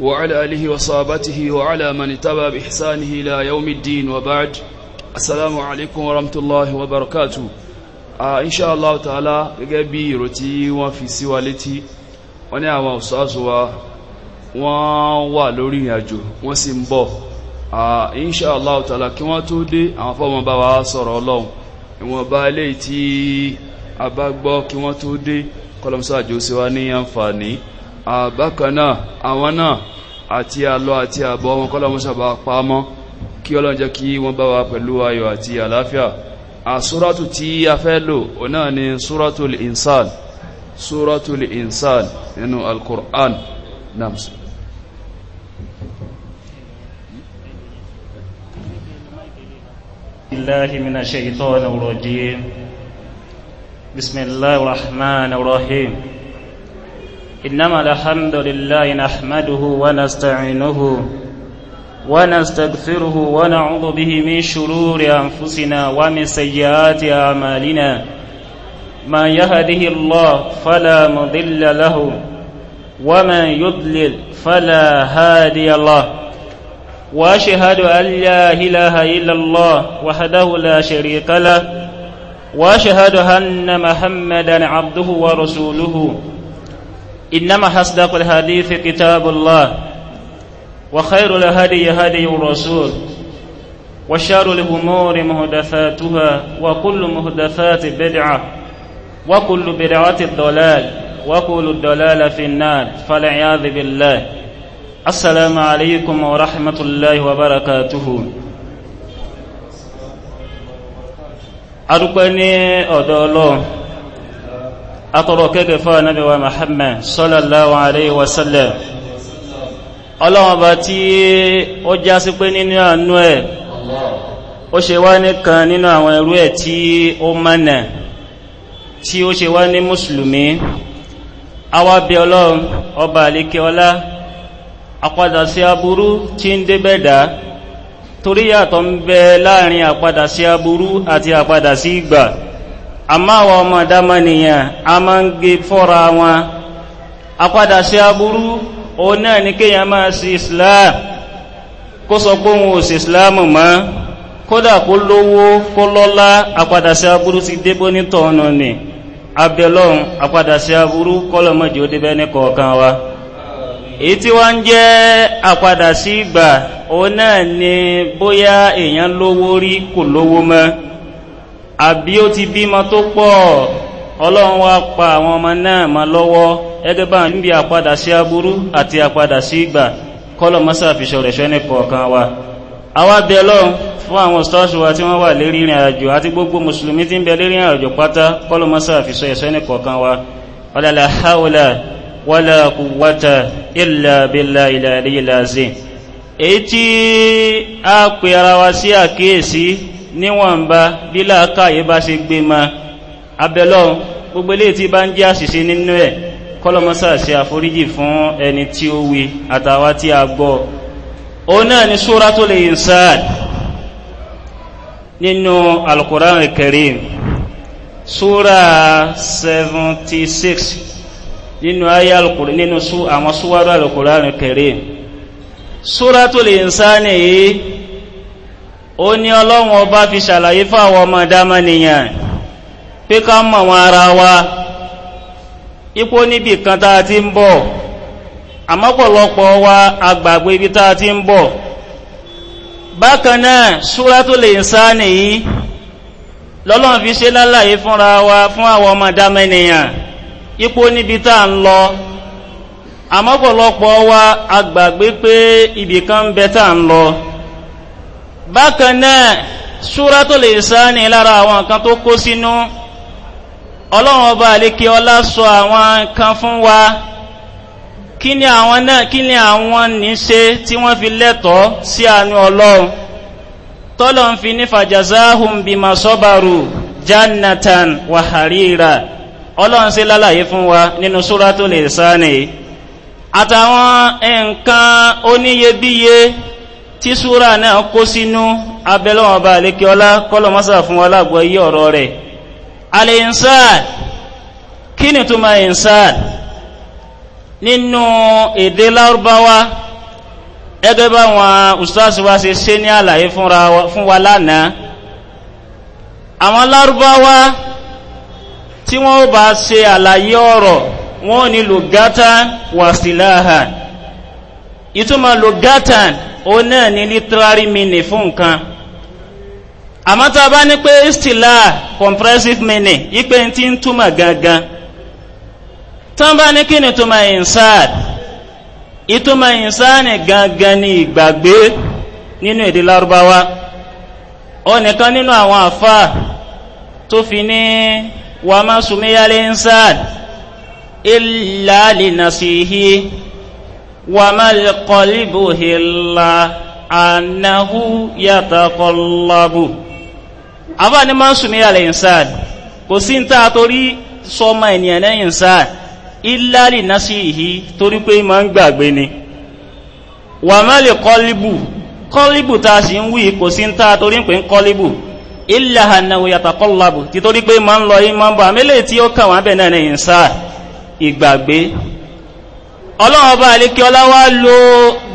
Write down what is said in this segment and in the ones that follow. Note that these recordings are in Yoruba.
وعلى آله وصحابته وعلى من اتبع بإحسانه إلى يوم الدين وبعد السلام عليكم ورحمة الله وبركاته آه إن شاء الله تعالى gẹ́gẹ́bí ìròtí wọ́n fi sí wa létí wọ́n ní àwọn ọ̀sọ́sọ́ wa wọ́n wà lórí ìrìnàjò wọ́n sì ń bọ̀ in sha Allah ta'ala kí wọ́n tó dé àwọn fọ́mọ̀ bá wa sọ̀rọ̀ ọlọ́run ìwọ̀n bá ilé tí a bá gbọ́ kí wọ́n tó dé kọlọmsáàjò sí wa ní àǹfààní àbákanáà àwọn náà àti àlọ àti àbọ̀ wọn kọ́lọ̀mọ́sà bá pàmọ́ kí Ọlọ́run jẹ́ kí wọ́n bá wa pẹ̀lú ayọ̀ àti àlàáfíà àsúrátù tí a fẹ́ lò náà ni súrátù l'insan súrátù l'insan nínú al nams من الشيطان الرجيم بسم الله الرحمن الرحيم إنما الحمد لله نحمده ونستعينه ونستغفره ونعوذ به من شرور أنفسنا ومن سيئات أعمالنا ما يهده الله فلا مضل له ومن يضلل فلا هادي له وأشهد أن لا إله إلا الله وحده لا شريك له وأشهد أن محمدا عبده ورسوله إنما حصدق الحديث كتاب الله وخير الهدي هدي الرسول وشر الأمور مهدثاتها وكل مهدثات بدعة وكل بدعة ضلال وكل الضلال في النار فالعياذ بالله السلام عليكم ورحمة الله وبركاته أرقني أدولو atọ̀rọ̀ kẹ́gẹ̀ fún ànábì wa Muhammad sallallahu alayhi wa sallam ọlọ́wọ́n bá tí ó já sí pé nínú àánú ẹ̀ ó ṣe wá nìkan nínú àwọn ẹrú ẹ̀ tí ó mánà tí ó ṣe wá ní mùsùlùmí awábí ọlọ́run ọba àlékè ọlá àpadà sí aburú tí ń débẹ̀dá torí yàtọ̀ ń bẹ láàrin àpadà sí aburú àti àpadà sí ìgbà àmá àwọn ọmọ ìdámọ́ nìyàn a máa ń gé fọ́ra wọn apadà sí aburú o náà ní kéèyàn máa sí islam kó sọ pé òun ò sí islam mọ́ kódà ti débó ni abẹ́lọ́run apadà sí aburú kọ́lọ̀mọ́jì ó débẹ́ ní kọ̀ọ̀kan wa èyí tí wọ́n ń jẹ́ àpadà sí ìgbà ni bóyá àbí ó ti bímọ tó pọ̀ ọlọ́run wá pa àwọn ọmọ náà ma lọ́wọ́ ẹgẹ́ bá ń bí àpadà sí aburú àti àpadà sí ìgbà kọ́lọ̀ mọ́sá fi ṣọ̀rẹ̀ ṣọ́ ní kọ̀ọ̀kan wa àwa bẹ lọ́run fún àwọn stọ́ọ̀ṣù wa tí wọ́n wà lérí ìrìn àjò àti gbogbo mùsùlùmí tí ń bẹ lérí ìrìn àjò pátá kọ́lọ̀ mọ́sá fi ṣọ̀rẹ̀ ṣọ́ ní kọ̀ọ̀kan wa ọ̀làlà haúlà wọ́lá kùwátà ìlà bílà ìlà ìlà ìlà zin èyí tí a pè ara wa sí àkíyèsí níwọ̀nba bí láàkáyé bá ṣe gbé ma abẹ́lọ́ gbogbo ilé tí bá ń jẹ́ àṣìṣe nínú ẹ̀ kọ́lọ́mọ́sà ṣe àforíjì fún ẹni tí ó wí àtàwá tí a gbọ́ ó náà ni suratul insan nínú alukuran karim sura 76 nínú ayé alukuran nínú àwọn suwaru alukuran karim suratul insan yìí ó ní ọlọ́wọ́n ọba fi ṣàlàyé fáwọn ọmọ dámọ́ nìyàn pé ká mọ̀ wọn ara wa ipò níbi kan ti ń bọ̀ àmọ́pọ̀lọpọ̀ wa agbàgbé ibi tá ti ń bọ̀ bákan náà ṣúrátólè lọ́lọ́n fúnra wa fún àwọn ọmọ ipò níbi ń lọ àmọ́pọ̀lọpọ̀ wa agbàgbé pé bákan náà Suratul Insani lára àwọn nǹkan tó kó sínú ọlọ́run ọba àlékè ọlá sọ àwọn kan fún wa kí ni àwọn náà kí ni àwọn ní ṣe tí wọ́n fi lẹ́tọ̀ọ́ sí àánú ọlọ́run tọ́lọ̀ ń fi ní fajazahum bima sabaru jannatan wa harira ọlọ́run ṣe lálàyé fún wa nínú Suratul Insani àtàwọn nǹkan oníyebíye tí súra náà kó sínú abẹ́lọ́wọ̀n bá lékè ọlá kọlọmọ́sà fún wa lágbọ́ ọ̀rọ̀ rẹ̀ al kí ni túmọ̀ insan nínú èdè lárúbáwá gẹ́gẹ́ báwọn ustaz wa ṣe ní àlàyé fún wa lánàá àwọn lárúbáwá tí wọ́n bá ṣe àlàyé ọ̀rọ̀ wọ́n wàsíláhàn ìtumọ̀ lugatan o náà ní literary meaning fún nǹkan àmọ́ tá a bá ní pé istila compressive meaning ipe ti ń túmọ̀ gangan tán bá ní kí ni túmọ̀ insad ìtumọ̀ insani gangan ni ìgbàgbé nínú èdè lárúbáwá ó nìkan nínú àwọn àfa tó fi ní wàmásùmíyálé insad ìlàlínàsíhìí وما القلب إلا أنه يتقلب àbá ni máa ń sùn ní àlẹ́ ìsáàd kò sí ń tàà torí sọmọ ènìyàn lẹ́yìn ìsáàd ìlàrí násí ìhí torí pé máa ń gbàgbé ni wà má lè kọlíbù kọlíbù tàà sí ń wí kò sí ń tàà torí pé ń kọlíbù ìlà ànàwò yàtà kọlábù títorí pé máa ń lọ yí máa ń bọ̀ àmẹ́lẹ̀ tí ó kà wọ́n abẹ́ náà ní ìsáàd ìgbàgbé ọlọ́ọ̀bá alékí ọláwá lo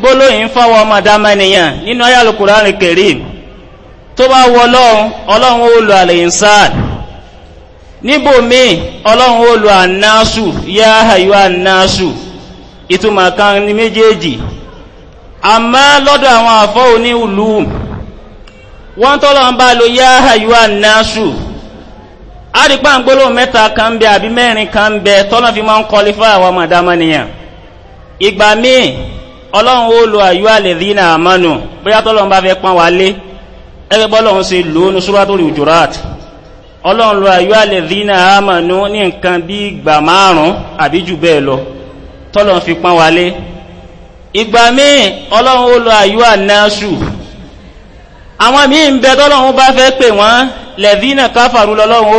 gbólóyìn fáwọn ọmọ dámẹ́niyàn nínú ayàlù kèrè ọlọ́run ọlọ́run ó lo àlèyìnsáàd níbò ọlọ́run ó lo yá àyọ ànáṣù ìtumà kan ní méjèèjì àmá lọ́dọ̀ àwọn àfọ́ òní ìlú wọ́n tọ́lọ́ ń lo yá àyọ ìgbà míì ọlọ́run ó lo àyú àlèdínà àmọ́nù bóyá tọ́lọ́run bá fẹ́ ẹgbẹ́ bọ́lọ́run òjòrát ọlọ́run lo àyú àlèdínà àmọ́nù ní nǹkan bí ìgbà márùn àbí jù bẹ́ẹ̀ lọ tọ́lọ́run fi pọ́n wá ìgbà míì ọlọ́run ó lo àyú ànásù àwọn míì ń bẹ tọ́lọ́run bá fẹ́ pè wọ́n káfàrú lọ́lọ́run ó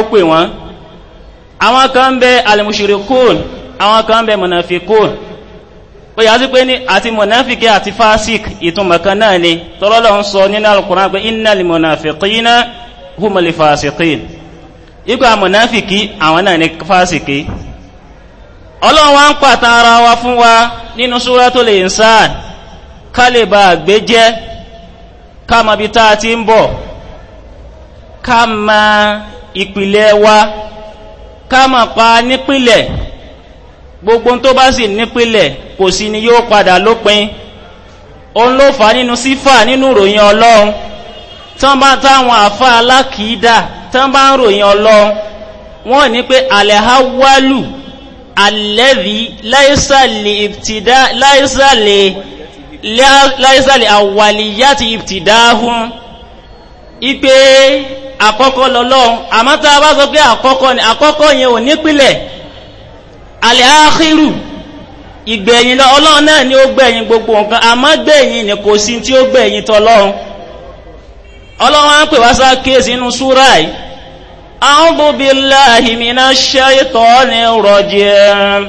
pè ó yà á sí pé ní àti monafiki àti fasik ìtumọ̀ kan náà ni tọ́lọ́lọ́ ń sọ nínú alukuran pé iná lè humali fasiki igba monafiki àwọn náà ni fasiki ọlọ́run wa ń pàtà ara wa fún wa nínú súra tó lè ń sáà ká lè bá àgbé jẹ́ ká mọ tá a ti ń bọ̀ ká mọ ìpìlẹ̀ wa ká mọ̀ pa nípìlẹ̀ gbogbo tó bá sì nípìlẹ̀ kò sí ni yóò padà lópin òun ló fà nínú sífà nínú ròyìn ọlọ́run tán bá táwọn àfá alákìídà tán bá ń ròyìn ọlọ́run wọ́n ní pé alẹ́háwálù alẹ́rí láìsàlẹ̀ àwàlìyá ti ìbtìdáhùn ipé àkọ́kọ́ lọ́lọ́run àmọ́ta bá sọ pé àkọ́kọ́ ni àkọ́kọ́ yẹn ò nípìlẹ̀ àlẹ́àkírù ìgbẹ̀yìn lọ ọlọ́run náà ni ó gbẹ̀yìn gbogbo nǹkan àmọ́ gbẹ̀yìn na kò sí tí ó gbẹ̀yìn tọlọ́run ọlọ́run á pè wá sá kéèsì inú súrà yìí أعوذ بالله من الشيطان الرجيم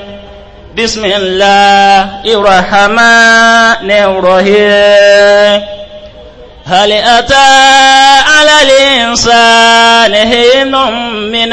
بسم الله الرحمن الرحيم هل أتى على الإنسان حين من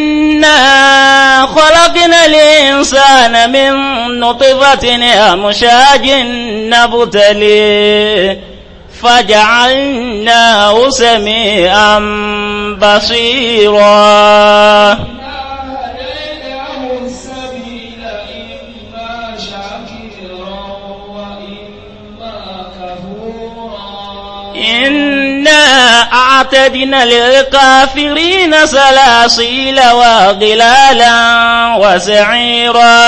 الإنسان من نطفة أمشاج نبتليه فجعلناه سميعا بصيرا أعتدنا للكافرين سلاسل وغلالا وسعيرا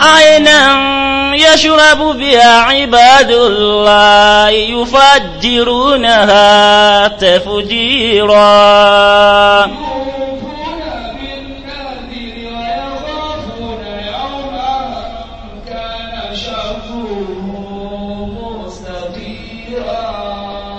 عينا يشرب بها عباد الله يفجرونها تفجيرا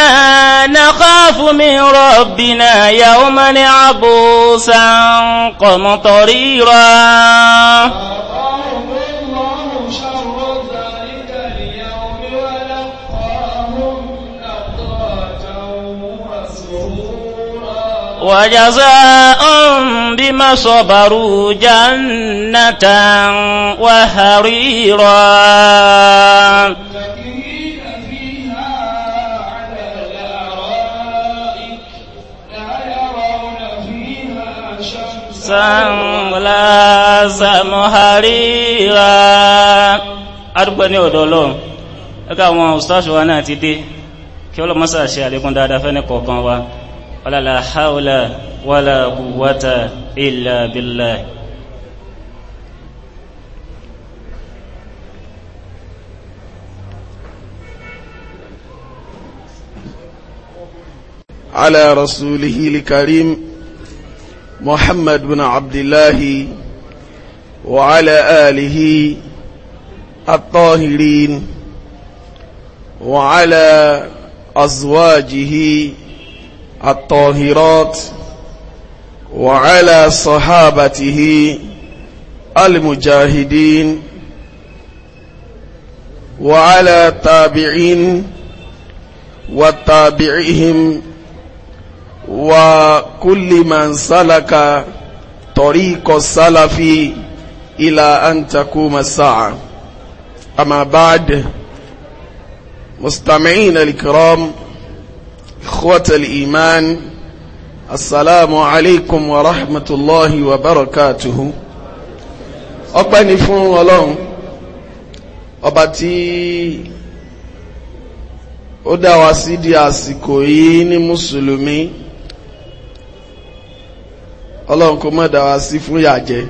إنا نخاف من ربنا يوما عبوسا قمطريرا وجزاء بما صبروا جنة وهريرا sàmúhàríra adúgbò ní ọ̀dọ̀ ọlọ́run ẹka àwọn ustaṣu wa náà ti dé kí ọlọ́mọ́sà ṣe àlékún dáadáa fẹ́ni kọ̀ọ̀kan wa wàlàlà haúlà wàlà kùwátà ìlà bílà على رسوله الكريم محمد بن عبد الله وعلى آله الطاهرين وعلى أزواجه الطاهرات وعلى صحابته المجاهدين وعلى تابعين وتابعهم وكل من سلك طريق السلف إلى أن تقوم الساعة أما بعد مستمعين الكرام إخوة الإيمان السلام عليكم ورحمة الله وبركاته ọpẹ́ ni fún ọlọ́run ọba tí ó dá ọlọ́run kò mọ̀ dá wa sí fún yàjẹ́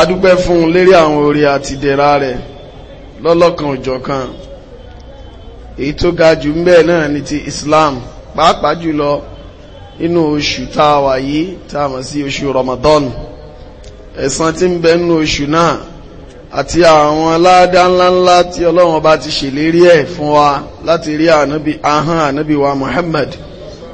adúpẹ́ fún un lérí àwọn orí àti ìdẹ̀ra rẹ̀ lọ́lọ́kan òjọ̀kan èyí tó ga jù ńbẹ̀ náà ni ti Islam pàápàá jùlọ inú oṣù tá a wà yìí tá a mọ̀ sí oṣù Ramadan ẹ̀san tí ń bẹ nínú oṣù náà àti àwọn aládá ńláńlá tí ọlọ́run ọba ti ṣèlérí ẹ̀ fún wa láti rí ànábì ahán wa Muhammad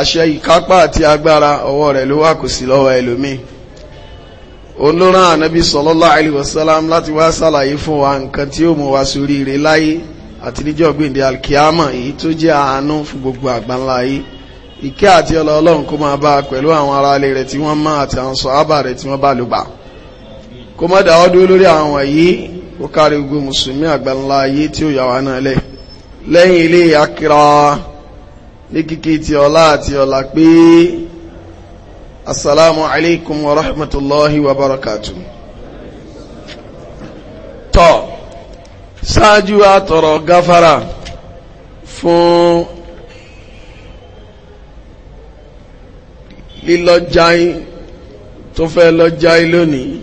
àṣẹ ìkápá àti agbára ọwọ́ rẹ̀ ló wà kò sí lọ́wọ́ ẹlòmíì olóran ànábì sallallahu alaihi wasallam láti wá sàlàyé fún wa nǹkan tí ó mú wa sórí ire láyé àti níjọ́ gbèǹde alkiyama èyí tó jẹ́ àánú fún gbogbo àgbáńlá yìí ìkẹ́ àti ọlọ ọlọ́run kó máa bá a pẹ̀lú àwọn ará ilé rẹ̀ tí wọ́n mọ́ àti àwọn sọ̀hábà rẹ̀ tí wọ́n bá lùgbà kó mọ́ dáwọ́ dúró lórí àwọn yìí kó kárí gbogbo mùsùlùmí àgbáńlá tí ó yà wá náà lẹ̀ lẹ́yìn ilé akira ní kíkí ti ọlá àti ọlá pé assalamu alaikum wa rahmatullahi wa barakatuh tọ́ ṣáájú àtọ̀rọ̀ gáfárà fún lílọ́jáì tó fẹ́ lọ́jáì lónìí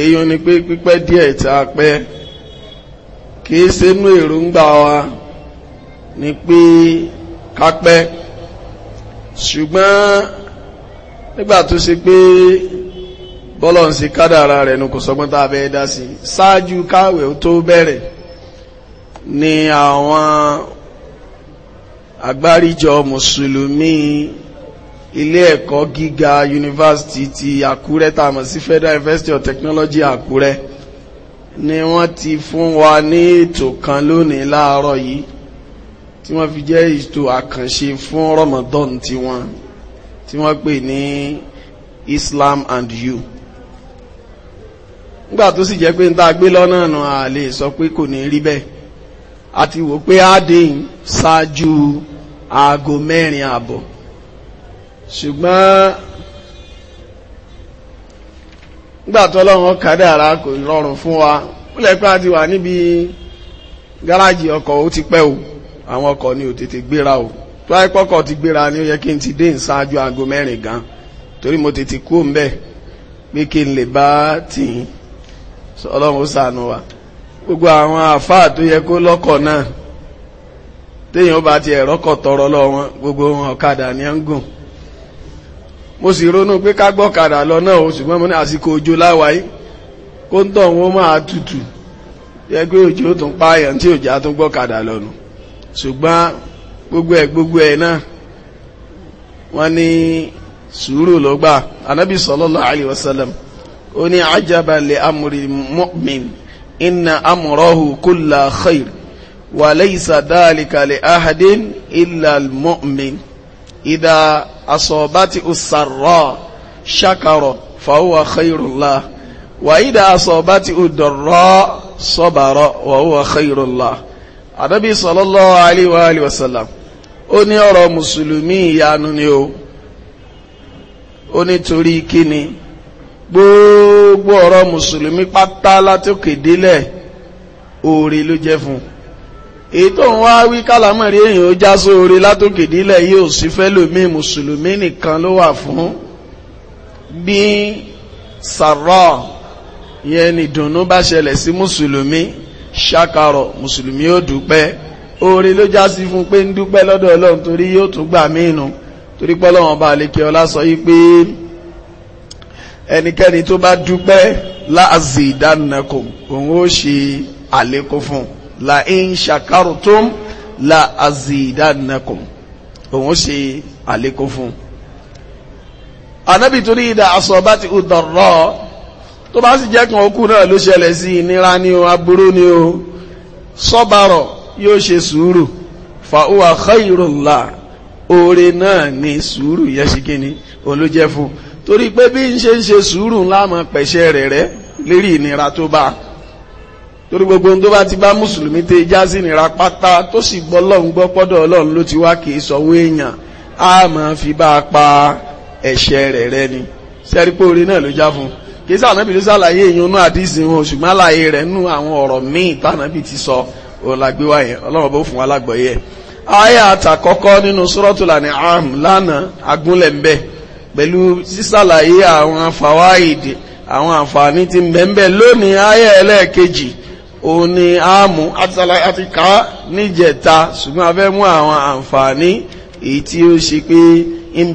èyí ni pé pípẹ́ díẹ̀ tí a pẹ́ kìí ṣe nú èròǹgbà wa ni pé kápẹ́ ṣùgbọ́n nígbà tó ṣe pé bọ́lọ̀ ń ṣe kádàrà rẹ̀ nù kò sọgbọ́n tá a bẹ́ẹ̀ dá sí ṣáájú káwẹ̀ tó bẹ̀rẹ̀ ni àwọn àgbáríjọ mùsùlùmí ilé ẹ̀kọ́ gíga yunifásitì ti àkúrẹ́ tá sí Federal University of Technology àkúrẹ́ ni wọ́n ti fún wa ní ètò kan lónìí láàárọ̀ yìí tí wọ́n fi jẹ́ ètò àkànṣe fún Ramadan tí wọ́n tí wọ́n pè ní Islam and you nígbà tó sì jẹ́ pé ń tá a gbé lọ́nà nù a lè sọ pé kò ní rí bẹ́ẹ̀ àti wò pé adéhìn ṣáájú aago mẹ́rin àbọ̀ ṣùgbọ́n nígbà tó lọ́wọ́ kádàrá kò rọrùn fún wa ó lẹ́pẹ́ àti wà níbi gáràjì ọkọ̀ ó ti pẹ́ o àwọn ọkọ̀ ni ò tètè gbéra o tó ayé pọ́kọ̀ ti gbéra ni ó yẹ kí n ti dé ìsáájú aago mẹ́rin gan torí mo tètè kú ń bẹ̀ pé kí n lè bá tì í ọlọ́run ó ṣàánú wa gbogbo àwọn àfáà tó yẹ kó lọ́kọ̀ náà téèyàn bá ti ẹ̀rọ tọrọ lọ gbogbo wọn ọ̀kadà ni ń gùn mo sì ronú pé ká gbọ́kadà lọ náà o ṣùgbọ́n mo ní àsìkò òjò láwàáyé kó ń tọ̀ wọn máa tutù yẹ pé òjò tún pààyàn tí òjò á tún gbọ́kadà lọ́nu ṣùgbọ́n gbogbo ẹ̀ gbogbo ẹ̀ náà wọ́n ní sùúrù ló gbà anábì sallallahu alayhi wa sallam ó ní ajaba li amri mu'min inna amrahu kulla khair wa laysa dhalika li ahadin illa al-mu'min idha asabati as-sarra shakara fa huwa khairul lah wa idha asabati ad ànábì sallallahu alaihi wa wasallam ó ní ọ̀rọ̀ mùsùlùmí ìyanu ni o ó nítorí kíni gbogbo ọ̀rọ̀ mùsùlùmí pátá látòkè délẹ̀ oore ló jẹ́ fún èyí tó ń wá wí kálámọ̀rí èèyàn ó já sóore látòkè délẹ̀ yóò sí fẹ́lòmí mùsùlùmí nìkan ló wà fún bí sàrọ̀ yẹn nìdùnnú bá ṣẹlẹ̀ sí mùsùlùmí ṣàkàrọ̀ mùsùlùmí ó dúpẹ́ oore ló já sí fún pé ń dúpẹ́ lọ́dọ̀ ọlọ́run torí yóò tún gbà míìnù torí pọ́lọ́wọ́n bá lè kí ọlá sọ yí pé ẹnikẹ́ni tó bá dúpẹ́ láàzì ìdánilẹ́kùn òun ó ṣe àlékún fún la in ṣàkàrùtùm láàzì ìdánilẹ́kùn òun ó ṣe àlékún fún anábì torí ìdá asọ̀ bá ti ù dọ̀rọ̀ tó bá sì jẹ́ kan okú náà ló ṣẹlẹ̀ sí ìnira ni o aburú ni o sọ́bàrọ̀ yóò ṣe sùúrù fàúwà khairùlá oore náà ni sùúrù yẹ́ sí kí ni olójẹ́ fún torí pé bí ń ṣe ń ṣe sùúrù ńlá mọ̀ pẹ̀ṣẹ̀ rẹ̀ rẹ̀ lérí ìnira tó bá torí gbogbo ohun tó bá ti bá mùsùlùmí tẹ já sí ìnira pátá tó sì gbọ́ lọ́n gbọ́ pọ́dọ̀ ọlọ́run ló ti wá kì í sọ̀wọ́ èèyàn á máa fi bá a pa ẹ̀ṣẹ̀ rẹ̀ rẹ̀ ni sẹ́rí pé oore náà ló já fún un kìí sànàbì ló sàlàyé èyàn náà àdísì wọn ṣùgbọ́n àlàyé rẹ̀ nú àwọn ọ̀rọ̀ míì tànàbì ti sọ ọ̀làgbéwá yẹn ọlọ́run bó fún wa lágbọ̀ọ́yẹ. àyà àtàkọ́kọ́ nínú Suratul An'am lánàá agúnlẹ̀ ń bẹ̀ pẹ̀lú sísàlàyé àwọn fàwáìdì àwọn àǹfààní ti ń bẹ̀ ń bẹ̀ lónìí àyà ẹlẹ́ẹ̀kejì òun ni àmú àti ká níjẹta ṣùgbọ́n a fẹ́ mú àwọn àǹfààní èyí tí ó ṣe pé ń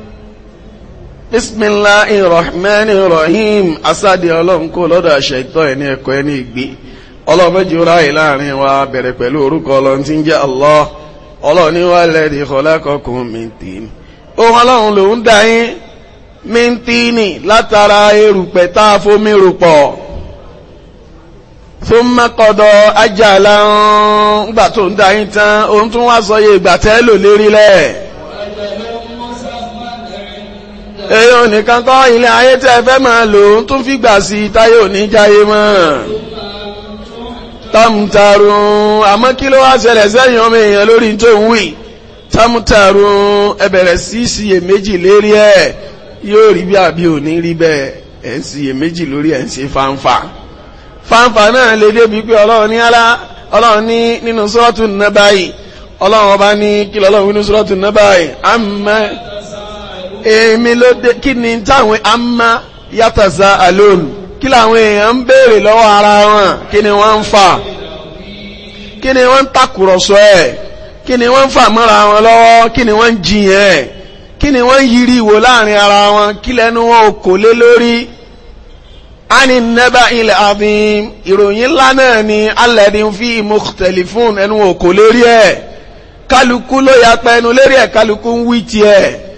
bisimilahi rahmani rahim asadi ọlọ́run kó lọ́dọ̀ àṣẹ̀tọ́ ẹni ẹ̀kọ́ ẹni ìgbé ọlọ́run méjì ráyè láàrin wa bẹ̀rẹ̀ pẹ̀lú orúkọ ọlọ́run tí ń jẹ́ allah ọlọ́run ní wàá lẹ́ẹ̀dì kọlákọ̀kùn mìntín ohun ọlọ́run lòún dá yín mìntín látara èyàn nìkan kọ́ ilé ayé tẹ́ fẹ́ máa lò ń tún fìgbà sí táyé òní jáyé mọ́ tamtarun àmọ́ kí ló wá ṣẹlẹ̀ sẹ́yìn ọmọ èèyàn lórí tó ń wì tamtarun ẹ bẹ̀rẹ̀ sí ṣiyèméjì lérí ẹ̀ yóò rí bí àbí òní rí bẹ́ẹ̀ ẹ̀ ń ṣiyèméjì lórí ẹ̀ ń ṣe fáńfà fáńfà náà lè débi pé ọlọ́run ní alá ọlọ́run ní nínú sọ́ọ̀tù nàbáyì ọlọ́run ọba ní kí lọ́lọ́run nínú sọ́ọ̀tù nàbáyì àmọ́ èmi ló dé kí ni táwọn amma yàtàzà alone kí làwọn èèyàn ń béèrè lọ́wọ́ ara wọn kí ni wọ́n ń fà kí ni wọ́n ń takùrọ̀sọ ẹ̀ kí ni wọ́n ń fà mọ́ra wọn lọ́wọ́ kí ni wọ́n ń jiyàn ẹ̀ kí ni wọ́n ń yiri ìwò láàrin ara wọn kí lẹ́nu wọn ò kò lé lórí ani nẹ́bà ilẹ̀ àfihàn ìròyìn ńlá náà ni alẹ́dín fi mukhtalifun ẹnu wọn ò kò lórí ẹ̀ kálukú ló yà pẹ́nu lérí ẹ̀ kálukú ń wí tiẹ̀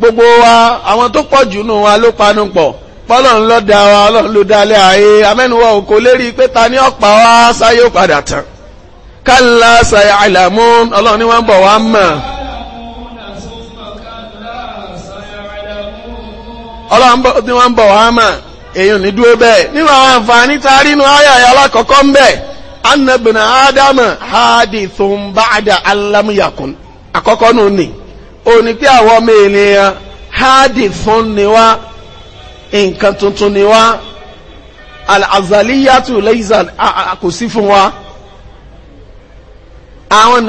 gbogbo wa àwọn tó pọ̀ jù nù wa ló panu pọ̀ fọlọ́run ló dá wa ọlọ́run ló dá lé ayé amẹ́nuwa ò kò lérí pé ta ni ọ̀pá wa sáyé ó tán kálá sàyà àìlàmú ọlọ́run ni wọ́n bọ̀ wá mọ̀. ọlọ́run ni wọ́n bọ̀ wá mọ̀ èyí ò ní dúró bẹ́ẹ̀ nínú àwọn àǹfààní tá rí inú ayàyà alákọ̀ọ́kọ́ ń bẹ̀ anabina adama hadi thumbaada alamuyakun àkọ́kọ́ nù ní. ó ní ha ọmọ ènìyàn háàdì fún ni tuntun ni wá al-azaliyatu kò sí wa àwọn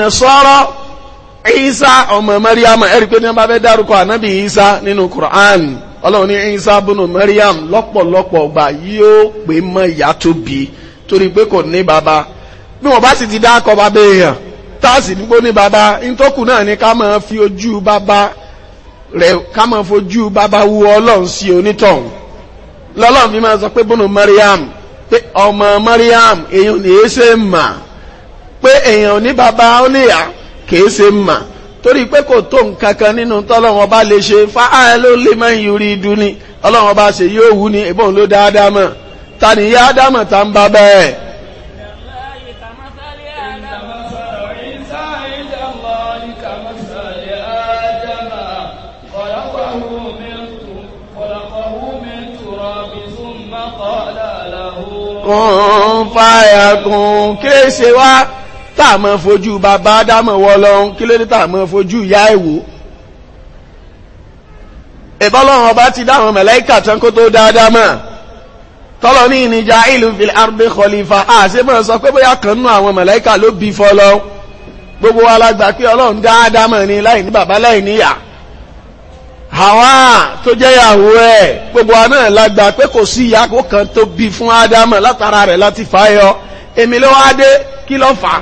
isa ọmọ mariam ẹ̀rí pé ní wọ́n bá fẹ́ isa nínú quran ọlọ́run isa bùnú mariam lọ́pọ̀lọpọ̀ ọgbà yóò pè mọ́ ìyá tó bí torí pé kò ní bàbá bí bá ti dá táàsì nígbó ní bàbá ìtọ́kù náà ni ká máa fi ojú bàbá rẹ̀ ká máa fojú bàbá wu ọlọ́run sí onítọ̀hún lọ́lọ́run fi máa sọ pé Mariam pé ọmọ Mariam èèyàn ní ṣe mà pé èèyàn ní bàbá ó níyà kìí ṣe mà torí pé kò tó nǹkan kan nínú tọ́lọ́run ọba lè ṣe ló lè máa ni ọlọ́run ọba ṣe yóò wú ni ìbọn ló dáadáa mọ̀ tani yá tá ń bá kún fàyà kún kéèsè wá tá a máa fojú bàbá dámọ̀ wọ lọ́hún kí ló dé tá a máa fojú ìyá ẹ̀ wò. ìbọ́lọ́hún ọba ti dáhùn mẹ̀lẹ́kà tán kó tó dáadáa mọ̀ tọ́lọ́ ní ìníjà ìlú fil ardi khalifa àṣemọ̀ sọ pé bóyá kan nú àwọn mẹ̀lẹ́kà ló bí fọlọ́ gbogbo wa la ọlọ́run dáadáa mọ̀ ni láì ní bàbá láì níyà Hawa tó jẹ́ ìyàwó ẹ̀ gbogbo wa náà lágbà pé kò sí ìyàwó kan tó bí fún Ádámù látara rẹ̀ láti fàáyọ èmi ló wá kí ló fà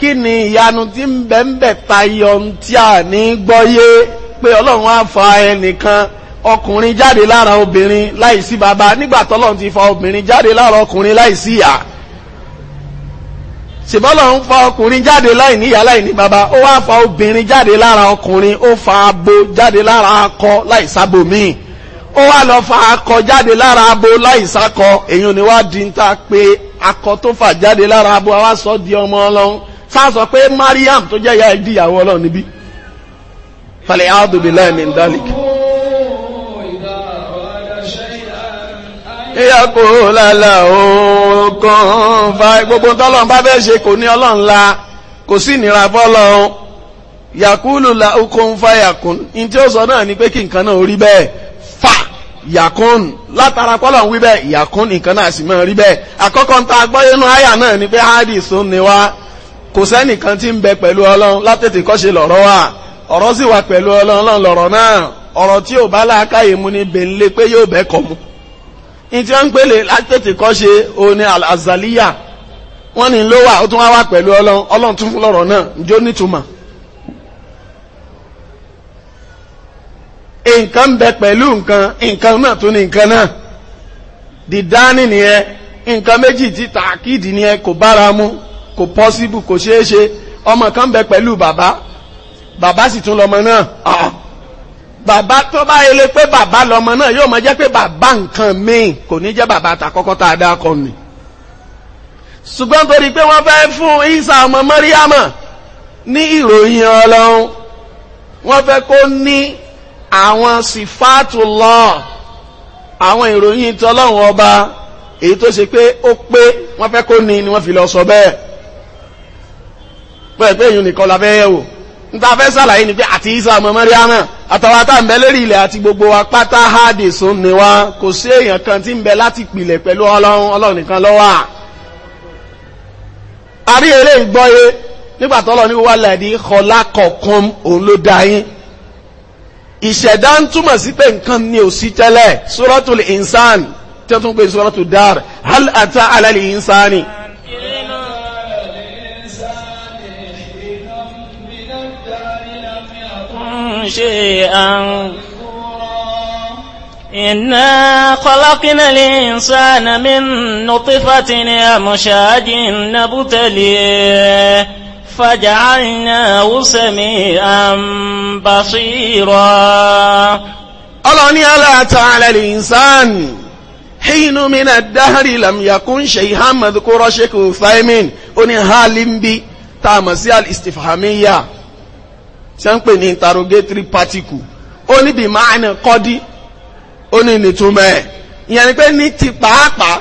kí ni ìyanu tí ń bẹ̀ ń bẹ̀ tayọ tí a ní gbọ́yé pé Ọlọ́run á fa ẹnìkan ọkùnrin jáde lára obìnrin láìsí bàbá nígbà ti fa obìnrin jáde lára ọkùnrin láìsí ìyá ṣèbọ́lọ̀ ń fa ọkùnrin jáde láì ní ìyá láì bàbá ó wá fa obìnrin jáde lára ọkùnrin ó fa abo jáde lára akọ láì sábò míì ó wá lọ fa akọ jáde lára abo láì sákọ èyàn ni wá di ta pé akọ tó fà jáde lára abo àwa sọ di ọmọ ọlọ́run sáà sọ pé Mariam tó jẹ́ ìyá ìdíyàwó ọlọ́run níbí falẹ̀ áàdùbìlẹ̀ mi ń dálìkì. ìyá kò lálẹ́ o kún fa gbogbo tọ́lọ́n bá fẹ́ ṣe kò ní ọlọ́run la kò sí ìnira fọ́lọ́run yakulu la okun fa yakun ní tí ó sọ náà ni pé kí nǹkan náà rí bẹ́ẹ̀ fa yakun látara pọ́lọ̀ ń wí bẹ́ẹ̀ yakun nǹkan náà sì máa rí bẹ́ẹ̀ àkọ́kọ́ ń ta gbọ́yé inú àyà náà ni pé hadithun ni wá kò sẹ́nìkan tí ń bẹ pẹ̀lú ọlọ́run látètè kọ́ṣe lọ́rọ́ wa ọ̀rọ̀ sì wà pẹ̀lú ọlọ́run lọ́rọ̀ náà ọ̀rọ̀ tí ò bá láàkáyè mu ni bèńlé pé yóò bẹ́ kọ́ mu in tí wọ́n ń pèlè látètè kọ́ ṣe oní azaliya wọ́n ní ló wà ó tún wá wà pẹ̀lú ọlọ́run ọlọ́run tún fún lọ́rọ̀ náà njó nítumọ̀ nǹkan bẹ pẹ̀lú nǹkan nǹkan náà tún ní nǹkan náà dìdání nìyẹn nǹkan méjì tí tàkìdì nìyẹn kò bára mu kò pọ́síbù kò ṣeé ọmọ kan bẹ pẹ̀lú bàbá bàbá sì tún lọmọ náà ah! bàbá tó bá ele pé bàbá lọmọ náà yóò máa jẹ́ pé bàbá nǹkan míì kò ní jẹ́ bàbá àtàkọ́kọ́ tá a dá kọ ni ṣùgbọ́n torí pé wọ́n fẹ́ fún Isa ọmọ Mọ́ríámọ̀ ní ìròyìn Ọlọ́run wọ́n fẹ́ kó ní àwọn sìfáàtù lọ àwọn ìròyìn tọ́lọ́run ọba èyí tó ṣe pé ó pé wọ́n fẹ́ kó ní ni wọ́n fi lọ sọ bẹ́ẹ̀ pẹ́ẹ́pẹ́ èyí nìkan la fẹ́ yẹ̀ wò níta fẹ́ sàlàyé ni pé àti isa ọmọ mẹ́ríàmà àtàwátà ń bẹ lérí ilẹ̀ àti gbogbo wa pátá háàdì sún ni wá kò sí èèyàn kan tí ń bẹ láti pìlẹ̀ pẹ̀lú ọlọ́run ọlọ́run nìkan ló wà a rí eré ìgbọ́yé nígbà tọ́lọ ní wà lẹ́ẹ̀dí kọlá kọ̀ọ̀kan òun ló dá yín ìṣẹ̀dá ń túmọ̀ sí pé nǹkan ni ò sí tẹ́lẹ̀ suratul insan tí wọ́n tún pè شيئا إنا خلقنا الإنسان من نطفة يمشاج نبتليه فجعلناه سميعا بصيرا الله نعلى تعالى الإنسان حين من الدهر لم يكن شيئا مذكور شكو ثايمين أني هالين بي تامسيا الاستفهامية tí a ń pè ní interrogatory particle ó ní bí máàna kọ́dí ó ní nìtumọ̀ ẹ̀ ìyẹn ni pé ní ti pàápàá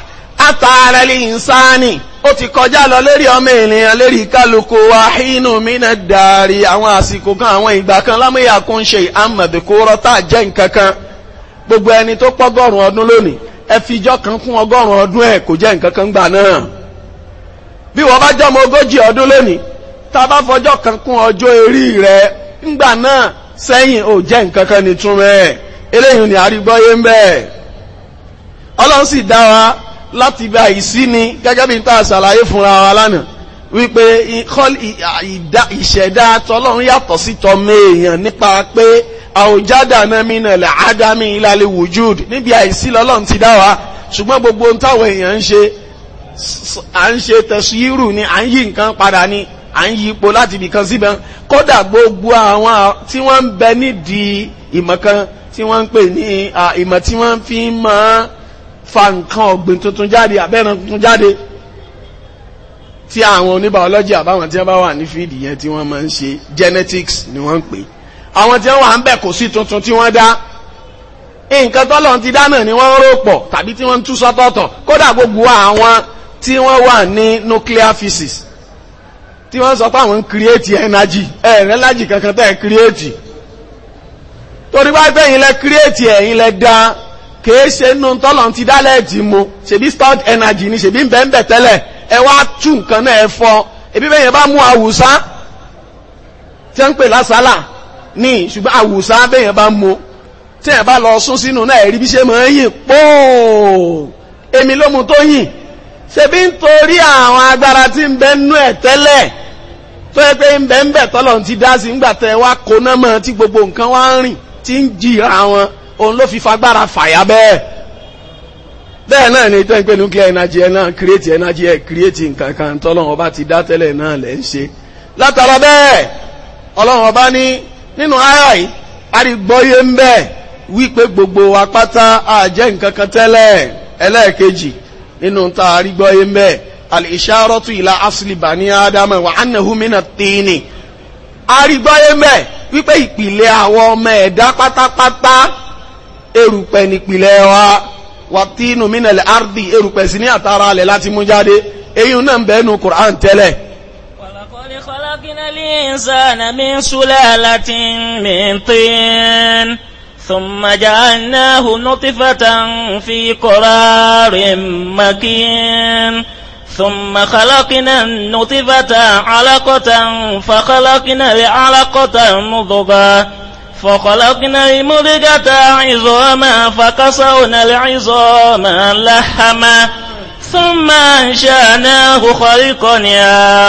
àtàrà lè ń sáánì ó ti kọjá lọ lérí ọmọ ènìyàn lérí kálukú wa hínú mínà dàrí àwọn àsìkò kan àwọn ìgbà kan lámúyà kó ń ṣe àmọ̀dékó rọ́tà jẹ́ nǹkan kan gbogbo ẹni tó pọ́gọ́rùn ọdún lónìí ẹ fi ijọ́ kan kún ọgọ́rùn ọdún ẹ̀ kò jẹ́ nǹkan kan gbà náà bí wọ́n bá jọ́mọ ogójì ọdún lónìí tá a bá fọjọ́ kan kún ọjọ́ eré rẹ̀ ńgbà náà sẹ́yìn ò jẹ́ nǹkan kan ní túnmọ̀ eléyìí ni àrígbọ́yé ń bẹ̀ ọlọ́run sì dá wa láti gba ìsí ni gẹ́gẹ́ bí n ta ṣàlàyé fúnra wa lánàá wípé ìṣẹ̀dá tọlọ́run yàtọ̀ sí tọmọ èèyàn nípa pé àwòjádà náà mi nà lẹ̀ ádámì ìlàlẹ̀ wùjúd níbi àìsí lọ́lọ́run ti dá wa ṣùgbọ́n gbogbo ohun táwọn èèyàn ń ṣe à ń ṣe tẹ̀síìrù ni à ń yí nǹkan padà ni à ń yípo láti ibìkan síbẹ̀ kódà gbogbo àwọn tí wọ́n ń bẹ nídìí ìmọ̀ kan tí wọ́n ń pè ní ìmọ̀ tí wọ́n fi máa fa nǹkan ọ̀gbìn tuntun jáde abẹ́ran tuntun jáde tí àwọn oníbàọ́lọ́jì àbáwọn tí wọ́n bá wà ní fíìdì yẹn tí wọ́n máa ń ṣe genetics ni wọ́n ń pè àwọn tí wọ́n wà ń bẹ̀ kò sí tuntun tí wọ́n dá nǹkan tọ́lọ̀ ti dá ni wọ́n ń rò pọ̀ tàbí tí wọ́n ń tú sọ́tọ̀ọ̀tọ̀ kódà gbogbo àwọn tí wọ́n wà ní nuclear physics tí wọ́n sọ pé àwọn ń kírẹ́ẹ̀tì ẹnájì ẹ̀rẹ́ lájì kankan tẹ́ kírẹ́ẹ̀tì torí bá gbẹ̀yìn lẹ kírẹ́ẹ̀tì ẹ̀yìn lẹ dá kìí ṣe nínú tọ́lọ̀ ti dálẹ̀ jì mo ṣèbí stored energy ni ṣèbí bẹ́ẹ̀nbẹ̀ tẹ́lẹ̀ ẹ wá tú nǹkan náà ẹ fọ ebi bẹ́ẹ̀ yẹn bá mú àwùsá tí wọ́n ń pè lásàlà ní ṣùgbọ́n àwùsá bẹ́ẹ̀ yẹn bá mú tí yẹn bá lọ sún sínú náà ẹ̀rí bí ṣe máa ń yìn póò èmi ló tó yìn ṣebí nítorí àwọn agbára tí ń bẹ nú ẹ̀ tẹ́lẹ̀ tó yẹ pé ń bẹ ń bẹ tọ́lọ̀ ti dá sí ńgbà tẹ́ wá kóná mọ́ tí gbogbo nǹkan wá ń rìn tí ń jìra wọn òun ló fi fagbára fàyà bẹ́ẹ̀ bẹ́ẹ̀ náà ni tó ń pè nuclear energy ẹ̀ náà create energy ẹ̀ create nǹkan kan tọ́lọ̀ ọba ti dá tẹ́lẹ̀ náà lẹ́ ń ṣe látara bẹ́ẹ̀ ọlọ́run ọba ní nínú ara yìí arígbọ́yé ń bẹ wípé gbogbo wa àjẹ́ nǹkan kan tẹ́lẹ̀ ẹlẹ́ẹ̀kejì nínú ta rí gbọ́yé mẹ́ al-isharatu ila asli bani adama wa annahu mina tini a rí gbọ́yé mẹ́ wípé ìpìlẹ̀ àwọn ọmọ ẹ̀dá pátápátá erùpẹ̀ nípìlẹ̀ wa wà tínú minal ardi erùpẹ̀ sí ní àtàrà alẹ̀ láti mú jáde èyí náà ń bẹ́ẹ̀ tẹ́lẹ̀ khalaqna al ثم جعلناه نطفة في قرار مكين ثم خلقنا النطفة علقة فخلقنا العلقة مضغة فخلقنا المضغة عظاما فكسونا العظام لحما ثم أنشأناه خلقا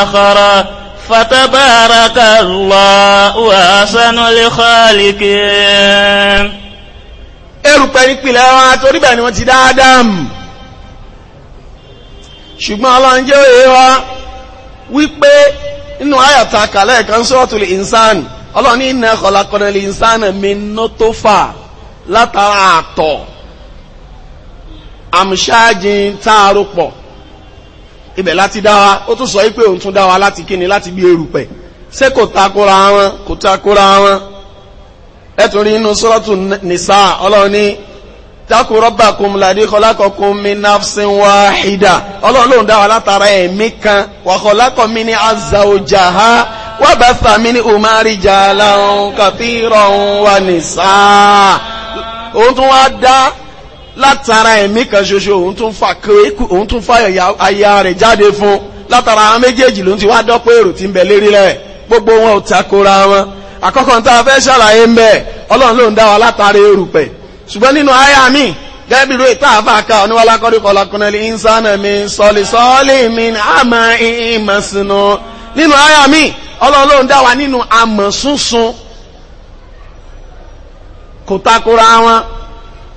آخر فتبارك الله أحسن الخالقين erùpẹ̀ nípìnlẹ̀ wọn torí bẹ́ẹ̀ ni wọ́n ti dáadáa mù ṣùgbọ́n ọlọ́run jẹ́ òye wa wípé nínú àyàtà kàlẹ́ kan suratul insan ọlọ́run ní inna khalaqnal insana min nutfa látara àtọ̀ àmúṣáájì tá ibẹ̀ láti dá wa ó tún sọ wípé òun tún dá wa láti kíni láti bí erùpẹ̀ ṣé kò takora wọn kò takora wọn ẹtùrí inú suratu nìsá ọlọ́run ní dákun kún ládé kọlákọ̀ mi nafsin wáhídà ọlọ́run lòun dá látara ẹ̀mí kan wàkọ̀lákọ̀ mi ní azàójà ha wà bá sàmì ní umari jàlá òun kàfíràn wà nìsá òun tún wá dá látara ẹ̀mí kan ṣoṣo òun tún fa kéékù òun tún fa aya rẹ̀ jáde fún látara àwọn méjèèjì ló ti wá dọ́pọ̀ èrò tí ń bẹ lérí rẹ̀ gbogbo wọn ò takora wọn àkọ́kọ́ tá a fẹ́ ṣàlàyé ń bẹ ọlọ́run ló ń dá wa látara erùpẹ̀ ṣùgbọ́n nínú aya mi gẹ́bí ro ìta àfàkà oníwàlá kọ́ríkọ́ lakunrin insana mi sọ́lì sọ́lì mi àmà ìmọ̀sínú nínú aya mi ọlọ́run ló dá wa nínú àmọ̀ sunsun kò takora wọn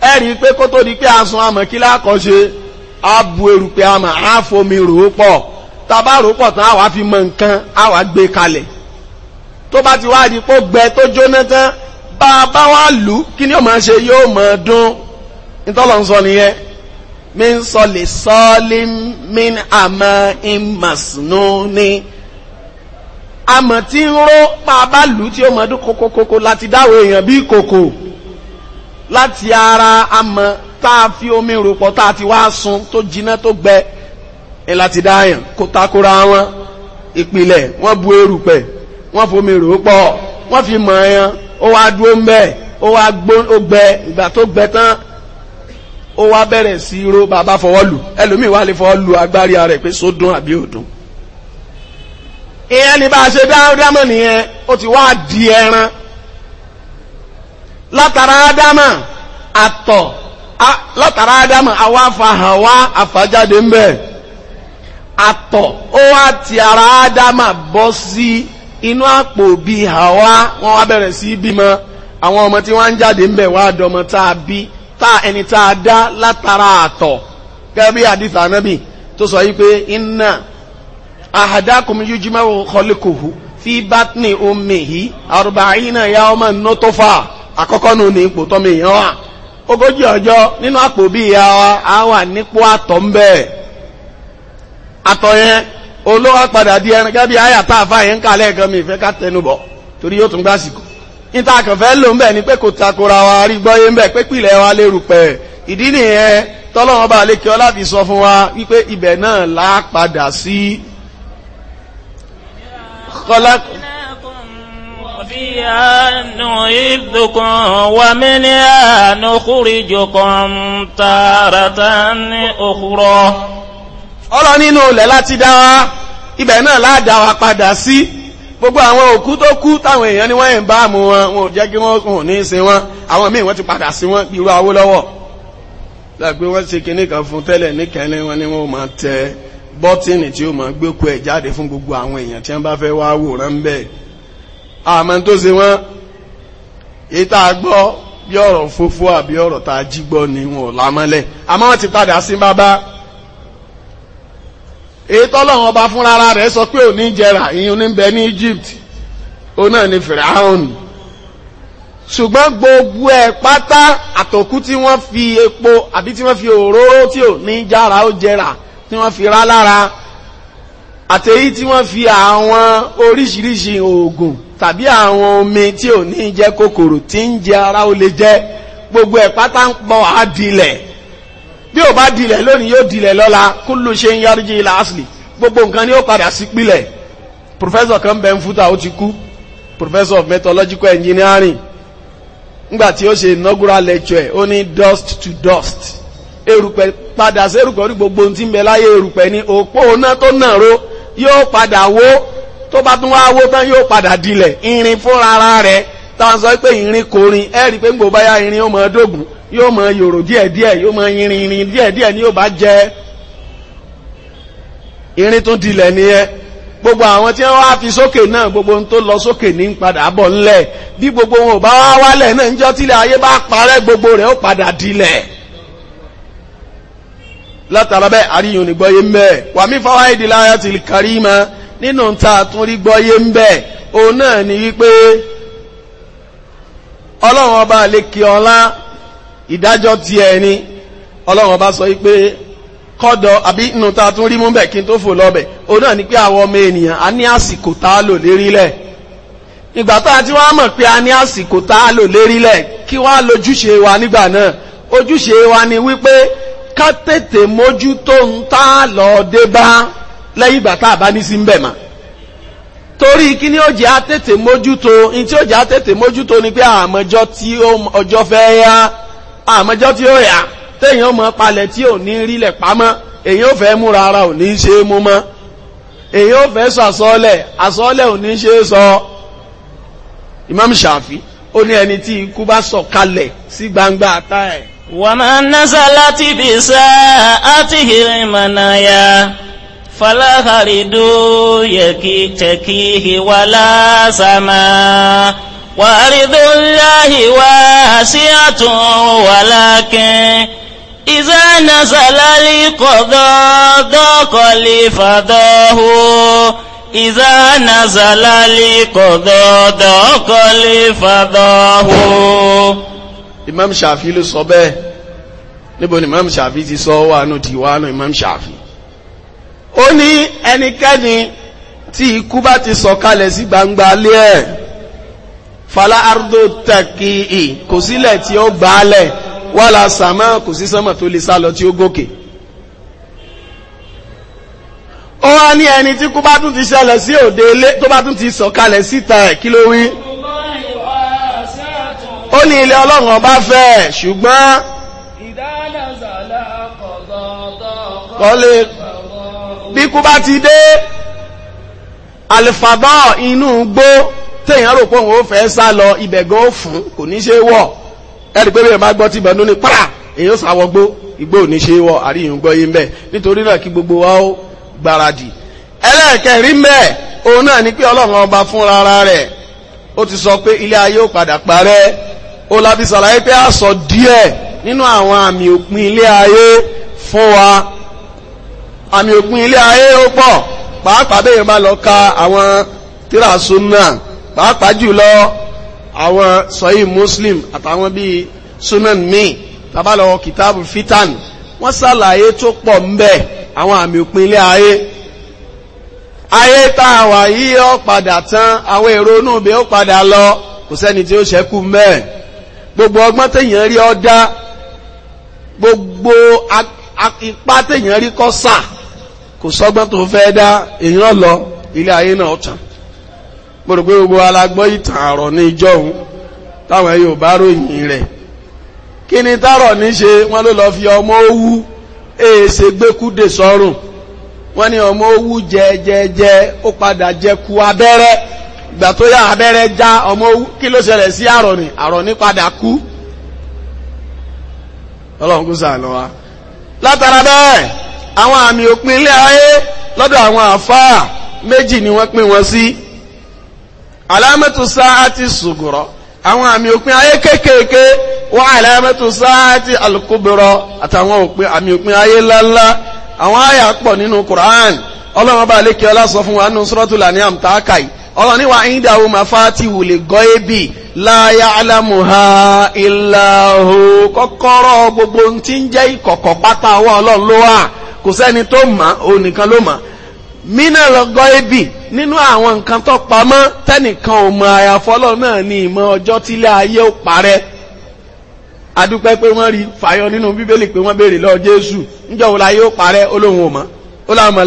ẹ rí i pé kó tó di pé asun amọ̀ kí lákọ̀ọ́ṣe á bu erùpẹ̀ amọ̀ á fomi rò ó pọ̀ tábà rò ó pọ̀ tán àwa fi mọ nǹkan àwa gbé kalẹ̀ tó bá ti wá di pó gbẹ tó jóná tán bá a bá wá lù ú kí ni ó máa ṣe yóò máa dún nítọ́lọ́ sọ nìyẹn mi ń sọ lè sọ lé mi àmọ́ ìmọ̀sánú ni amọ̀ tí ń ró pa bá lù ú tí ó máa dún kókókókó láti dáwọ̀ èèyàn bí kòkò láti ara amọ̀ tá a fi omi ròpọ̀ tá a ti wá sun tó jiná tó gbẹ ẹ̀ láti dáyàn kó takora wọn ìpìlẹ̀ wọ́n bu erùpẹ̀ wọ́n fomi ròpọ̀ wọ́n fi mọ̀ ẹ̀yàn ó wá dúró ń bẹ́ẹ̀ ó wá gbẹ ìgbà tó gbẹ tán ó wá bẹ̀rẹ̀ sí ro bàbá fọwọ́ lù ẹlòmíì wá lè fọwọ́ lù agbárí ara ẹ̀ pé só àbí ò ìyẹn ni bá a ṣe dáhùn dámọ̀ nìyẹn ó ti wá di ẹran látara ádámà àtọ̀ látara ádámà àwa afahàn wá àfàjáde ń bẹ̀ àtọ̀ ó wá ti ara ádámà bọ́ sí inú àpò bíi àwa wọ́n wá bẹ̀rẹ̀ sí bímọ àwọn ọmọ tí wọ́n ń jáde ń bẹ̀ wá dọmọ tá a bí tá ẹni tá a dá látara àtọ̀ gẹ́gẹ́ bí àdìsá anábì tó sọ yìí pé inna ahadakum yujma'u khalquhu fi batni ummihi arba'ina yawman nutfa àkọ́kọ́ nù ní ipò tọ́mọ èèyàn wà ogójì ọjọ́ nínú àpò bí ìyá wa a wà nípò àtọ̀ ń bẹ̀ àtọ̀ yẹn olówó padà di ẹran gẹ́gẹ́ bí àyà tá a fà yẹn ń kalẹ̀ gan mi ìfẹ́ ká tẹnu bọ̀ torí yóò tún gbásìkò níta kànfẹ́ ló ń bẹ̀ ni pé kò takora wa rí gbọ́yé ń bẹ̀ pé pìlẹ̀ wa lérò pẹ̀ ìdí nìyẹn tọ́lọ́wọ́n bá lè kí ọ láti sọ fún wa wípé ibẹ̀ náà lá padà sí. kọ́lá وفيها نعيذكم ومنها نخرجكم تارة أخرى ọlọ nínú ilẹ̀ láti dá wa ibẹ̀ náà láàdá wa padà sí gbogbo àwọn òkú tó kú táwọn èèyàn ni wọ́n ń bá mú wọn wọn ò jẹ́ kí wọ́n kùn ní sin wọn àwọn míì wọ́n ti padà sí wọn bí irú Awólọ́wọ̀ lágbé wọ́n ṣe kinní kan fún tẹ́lẹ̀ níkẹ́ni wọn ni wọ́n máa tẹ bọ́tìnì tí ó máa gbé kú ẹ̀ jáde fún gbogbo àwọn èèyàn tí wọ́n bá fẹ́ wá wòran bẹ́ẹ̀ àmọ́ tó ṣe wọ́n ìta gbọ́ bí ọ̀rọ̀ fófó àbí ọ̀rọ̀ tá a jí gbọ́ ni wọn ò lámọ́lẹ̀ àmọ́ wọ́n ti padà sí bàbá èyí tọ́lọ́wọ́n ọba fúnra rẹ̀ sọ pé òní jẹrà ìyún ní bẹ ní Egypt òun náà ni Fìràhùn ṣùgbọ́n gbogbo ẹ̀ pátá àtọ̀kù tí wọ́n fi epo àbí tí wọ́n fi òróró tí ò ní jára ó jẹrà tí wọ́n fi rá lára àtẹ̀yí tí wọ́n fi àwọn oríṣiríṣi oògùn tàbí àwọn omi tí ò ní jẹ́ kòkòrò tí ń jẹ ara ó lè jẹ gbogbo ẹ̀ pátá ń pọ̀ á dilẹ̀ bí ò bá dilẹ̀ lónìí yóò dilẹ̀ lọ́la kúlù ṣe ń yọrí jí ilà gbogbo nǹkan ni ó padà sí pilẹ̀ professor kan bẹ́ẹ̀ ń fúta ó ti kú professor of metallurgical engineering ngbà tí ó ṣe inaugural lecture ó ní dust to dust erùpẹ̀ padà sí erùpẹ̀ orí gbogbo ohun tí ń bẹ láyé erùpẹ̀ ni òpó oná tó nàró yóò padà wó tó bá tún wá wó tán yóò padà dilẹ̀ irin fúnra ara rẹ̀ táwọn sọ pé irin korin ẹ rí i pé gbogbo báyà irin yóò mọ dógùn yóò mọ yòrò díẹ̀díẹ̀ yóò mọ irin irin díẹ̀díẹ̀ ni yóò bá jẹ́ irin tó dilẹ̀ nìyẹn gbogbo àwọn tí wọ́n wá fi sókè náà gbogbo ohun tó lọ sókè ní padà bọ̀ ńlẹ̀ bí gbogbo wọn ò bá wá wálẹ̀ náà níjọ́ tílẹ̀ ayé bá parẹ́ gbogbo rẹ̀ ó padà dilẹ̀ látara bẹ́ẹ̀ àríyàn nígbọ́ yé mẹ́ẹ̀ wàmí fáwọn ìdílé ayé ti kárí mọ́ nínú ta tún rí gbọ́yé ń òun náà ni wípé ọlọ́run ọba àlekè ọlá ìdájọ́ ti ẹni ọlọ́run ọba sọ wípé kọ́dọ̀ àbí nínú ta tún rí mú kí n tó fò lọ́bẹ̀ òun náà ni pé àwọn ọmọ ènìyàn a ní àsìkò tá a lò lérílẹ̀ ìgbà mọ̀ lò lérílẹ̀ wa nígbà náà ojúṣe wa ni wípé ká tètè mójútó ń tá a lọ lẹ́yìn ìgbà tá a bá ní sí ń bẹ̀ mà torí kí ni ó jẹ́ àtètè mójútó ní tí ó jẹ́ àtètè mójútó ni pé àmọ́jọ́ tí ọjọ́ fẹ́ yá àmọ́jọ́ tí ó yá téèyàn mọ̀ palẹ̀ tí ò ní rílẹ̀ pamọ́ èyàn ò fẹ́ múra ara ò ní ṣe mú mọ́ èyàn ò fẹ́ sọ àsọ́ọ́lẹ̀ àsọ́ọ́lẹ̀ ò ní ṣe sọ Imam Shafi ó ní ẹni tí ikú bá sọ kalẹ̀ sí gbangba àtà ẹ̀. wọ́n máa láti bí sáà á ti hìrì mọ̀nà فلا خرد تكيه ولا سما وأرض الله واسعة ولكن إذا نزل القضاء ضاق لي فضاه إذا نزل القضاء ضاق لي فضاه Imam Shafi ló sọ bẹ́ẹ̀ níbo ni Imam Shafi ti sọ wà nù tí wà nù Imam Shafi ó ní ẹnikẹ́ni tí ikú bá ti sọ̀kalẹ̀ sí gbangba lé ẹ̀ fàlà ardo tàkì kò sílẹ̀ tí ó gbálẹ̀ wàlà sàmà kò sí sánmà tó lè sálọ tí ó gòkè ó wá ní ẹni tí kú bá tún ti ṣẹlẹ̀ sí òde ilé tó bá tún ti sọ̀kalẹ̀ síta ẹ̀ kí ló wí ó ní ilé ọlọ́run ọba fẹ́ ṣùgbọ́n kọ́lé bí kú bá ti dé alifadọ́ inú gbó téèyàn rò pé òun ó fẹ́ sá lọ ibẹ̀ gan ó fún kò ní ṣe wọ̀ ẹ̀rí pé bẹ́ẹ̀ máa gbọ́ tí ìbẹ̀nú ni pàrà èyí ó sáwọ́ gbó igbó ò ní ṣe wọ̀ àríyìn gbọ́ yín bẹ́ẹ̀ nítorí náà kí gbogbo wa ó gbáradì ẹlẹ́ẹ̀kẹrin mẹ́ẹ̀ òun náà ni pé ọlọ́run ọba fúnra rẹ̀ ó ti sọ pé ilé ayé ó padà parẹ́ ó lábí sàlàyé pé a díẹ̀ nínú àwọn àmì òpin ilé ayé fún wa àmì òpin ilé ayé ó pọ̀ pàápàá bẹ́ẹ̀ bá lọ ka àwọn tíra sunna pàápàá jùlọ àwọn sọyí muslim àtàwọn bíi sunan mi tabalọ kitabu fitan wọ́n ṣàlàyé tó pọ̀ ńbẹ̀ àwọn àmì òpin ilé ayé ayé tá a wà yí ó padà tán àwọn èrò inú ibẹ̀ ó padà lọ kò sẹ́ni tí ó ṣẹ́kù mẹ́ẹ̀ gbogbo ọgbọ́n téèyàn rí ọ gbogbo ipá téèyàn rí kọ́ sáà kò sọ́gbọ́n tó fẹ́ dá èèyàn lọ ilé ayé náà tán mo rò pé gbogbo alágbọ́ ìtàn àrọ̀ ní ìjọ òun táwọn ẹyọ bá ròyìn rẹ̀ kí ni tárọ̀ ní ṣe wọ́n ló lọ fi ọmọ owú èèṣe gbékúdè sọ́rùn wọ́n ní ọmọ owú jẹjẹjẹ ó padà jẹku abẹ́rẹ́ ìgbà tó yá abẹ́rẹ́ já ọmọ owú kí ló ṣẹlẹ̀ sí àrọ̀ ní àrọ̀ ní padà kú ọlọ́run kó sàánà wa látara bẹ́ẹ̀ àwọn àmì òpin ilé ayé lọ́dọ̀ àwọn àfáà méjì ni wọ́n pín wọn sí alámẹ́tù sáàtì sùgùrọ̀ àwọn àmì òpin ayé kéékèèké wọ́n alámẹ́tù sáàtì àtàwọn àmì òpin ayé ńláńlá àwọn àyà pọ̀ nínú Qur'an ọlọ́run bá lékè ọlá sọ wa nínú ọlọ́run gọ́ gbogbo ti ń jẹ́ ìkọ̀kọ̀ pátá ọwọ́ kò sẹ́ni tó mọ̀ òun nìkan ló mọ̀ mínà lọ́gọ́ ebì nínú àwọn nǹkan tó pamọ́ tẹ́nìkan ò mọ àyàfọ́lọ́ náà ní ìmọ̀ ọjọ́ tílé ayé ó parẹ́ adúpẹ́ pé wọ́n rí fàyọ nínú bíbélì pé wọ́n béèrè lọ jésù níjọ́ wo láyé ó parẹ́ olóhùn ò mọ̀ ó láwọn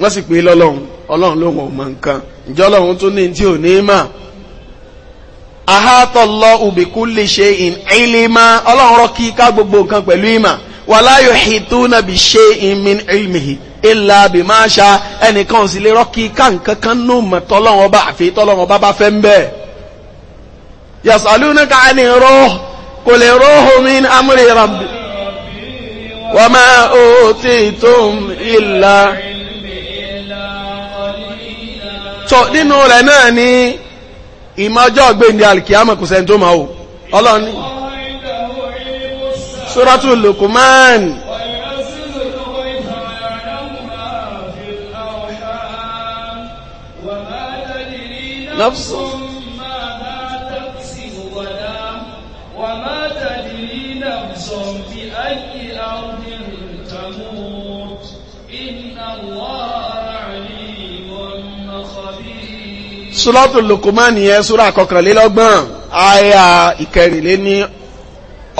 wọ́n sì pé lọ́lọ́run ọlọ́run lóhùn wala yuhituna bi shay'in min ilmihi illa bima sha ẹnìkan sì lè rọ́kì káǹkan kan nù mọ̀ tọ́lọ́wọ́n bá àfi tọ́lọ́wọ́n bá bá fẹ́ ń bẹ́ẹ̀. yasalunaka ani ruh qul ruhu min amri rabbi wa ma utitum illa. tó nínú rẹ̀ náà ni ìmọ̀jọ́ gbẹ̀ndẹ̀ alìkíyàmọ̀ kò sẹ́ni máa wò ọlọ́run Suratu Luqman نفس ما تكسب غدا وما تدري نفس بأي أرض تموت ìkẹrìnlé ní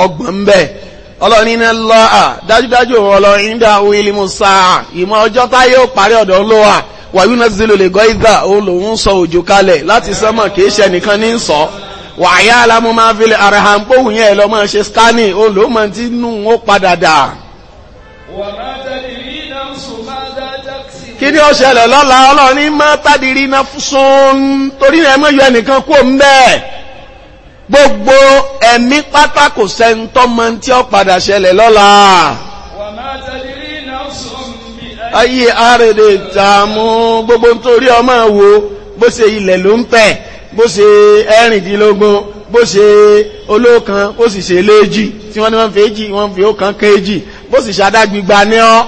ọgbọ̀n bẹ́ẹ̀ ọlọ́ni ní lọ́à dájúdájú ọlọ́rin dá wílì musa ìmọ̀ ọjọ́ tá yóò parí ọ̀dọ̀ lówà wàyú náà zílò lè gọ́ ìgbà olóhun sọ òjò kalẹ̀ láti sánmọ̀ kìí ṣe nìkan ní sọ wàyá alámú máa fi lè arahàn póhùn yẹn lọ ṣe scanning olóhùn ti nù ó padà kí ni ó ṣẹlẹ̀ lọ́la ọlọ́ni má tádìrí náà fún sún torí ẹ̀ yọ ẹnìkan kú òun bẹ́ẹ̀ gbogbo ẹ̀mí pátá kò sẹ́ni tó mọ tí ó padà ṣẹlẹ̀ lọ́la. ayé àrèrè tààmú gbogbo nítorí ọmọ wo bó ṣe ilẹ̀ ló ń tẹ̀ bó ṣe ẹ̀rìndínlógún bó ṣe olóòkan ó sì ṣe léèjì tí wọ́n ní wọ́n fi èjì wọ́n fi ókan kéèjì bó sì ṣàdágbìgba ní ọ́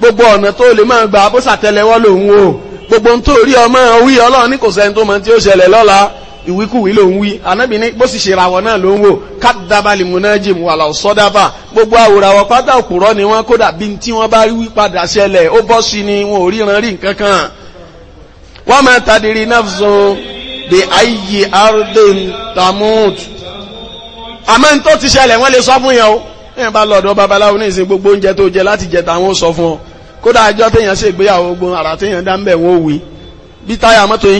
gbogbo ọ̀nà tó lè máa gbà bó ṣàtẹ́lẹwọ́ lòun o gbogbo nítorí ọmọ wí ọlọ́run ní kò sẹ́ni tó mọ tí ó ṣẹlẹ̀ lọ́la ìwíkúwí ló ń wí anábì ní bó sì ṣe ràwọ̀ náà ló ń wò kádàbà limunajim wà láò sọ́dábà gbogbo àwòràwọ̀ pátá òpùrọ́ ni wọ́n kódà bí tí wọ́n bá wí padà ṣẹlẹ̀ ó bọ́ sí ni wọn ò ríran rí nǹkan kan wọ́n máa tadiri nafsun bi ayyi ardin tamut àmọ́ ní tó ti ṣẹlẹ̀ wọ́n lè sọ fún yẹn o yẹn bá lọ́dọ̀ babaláwo ní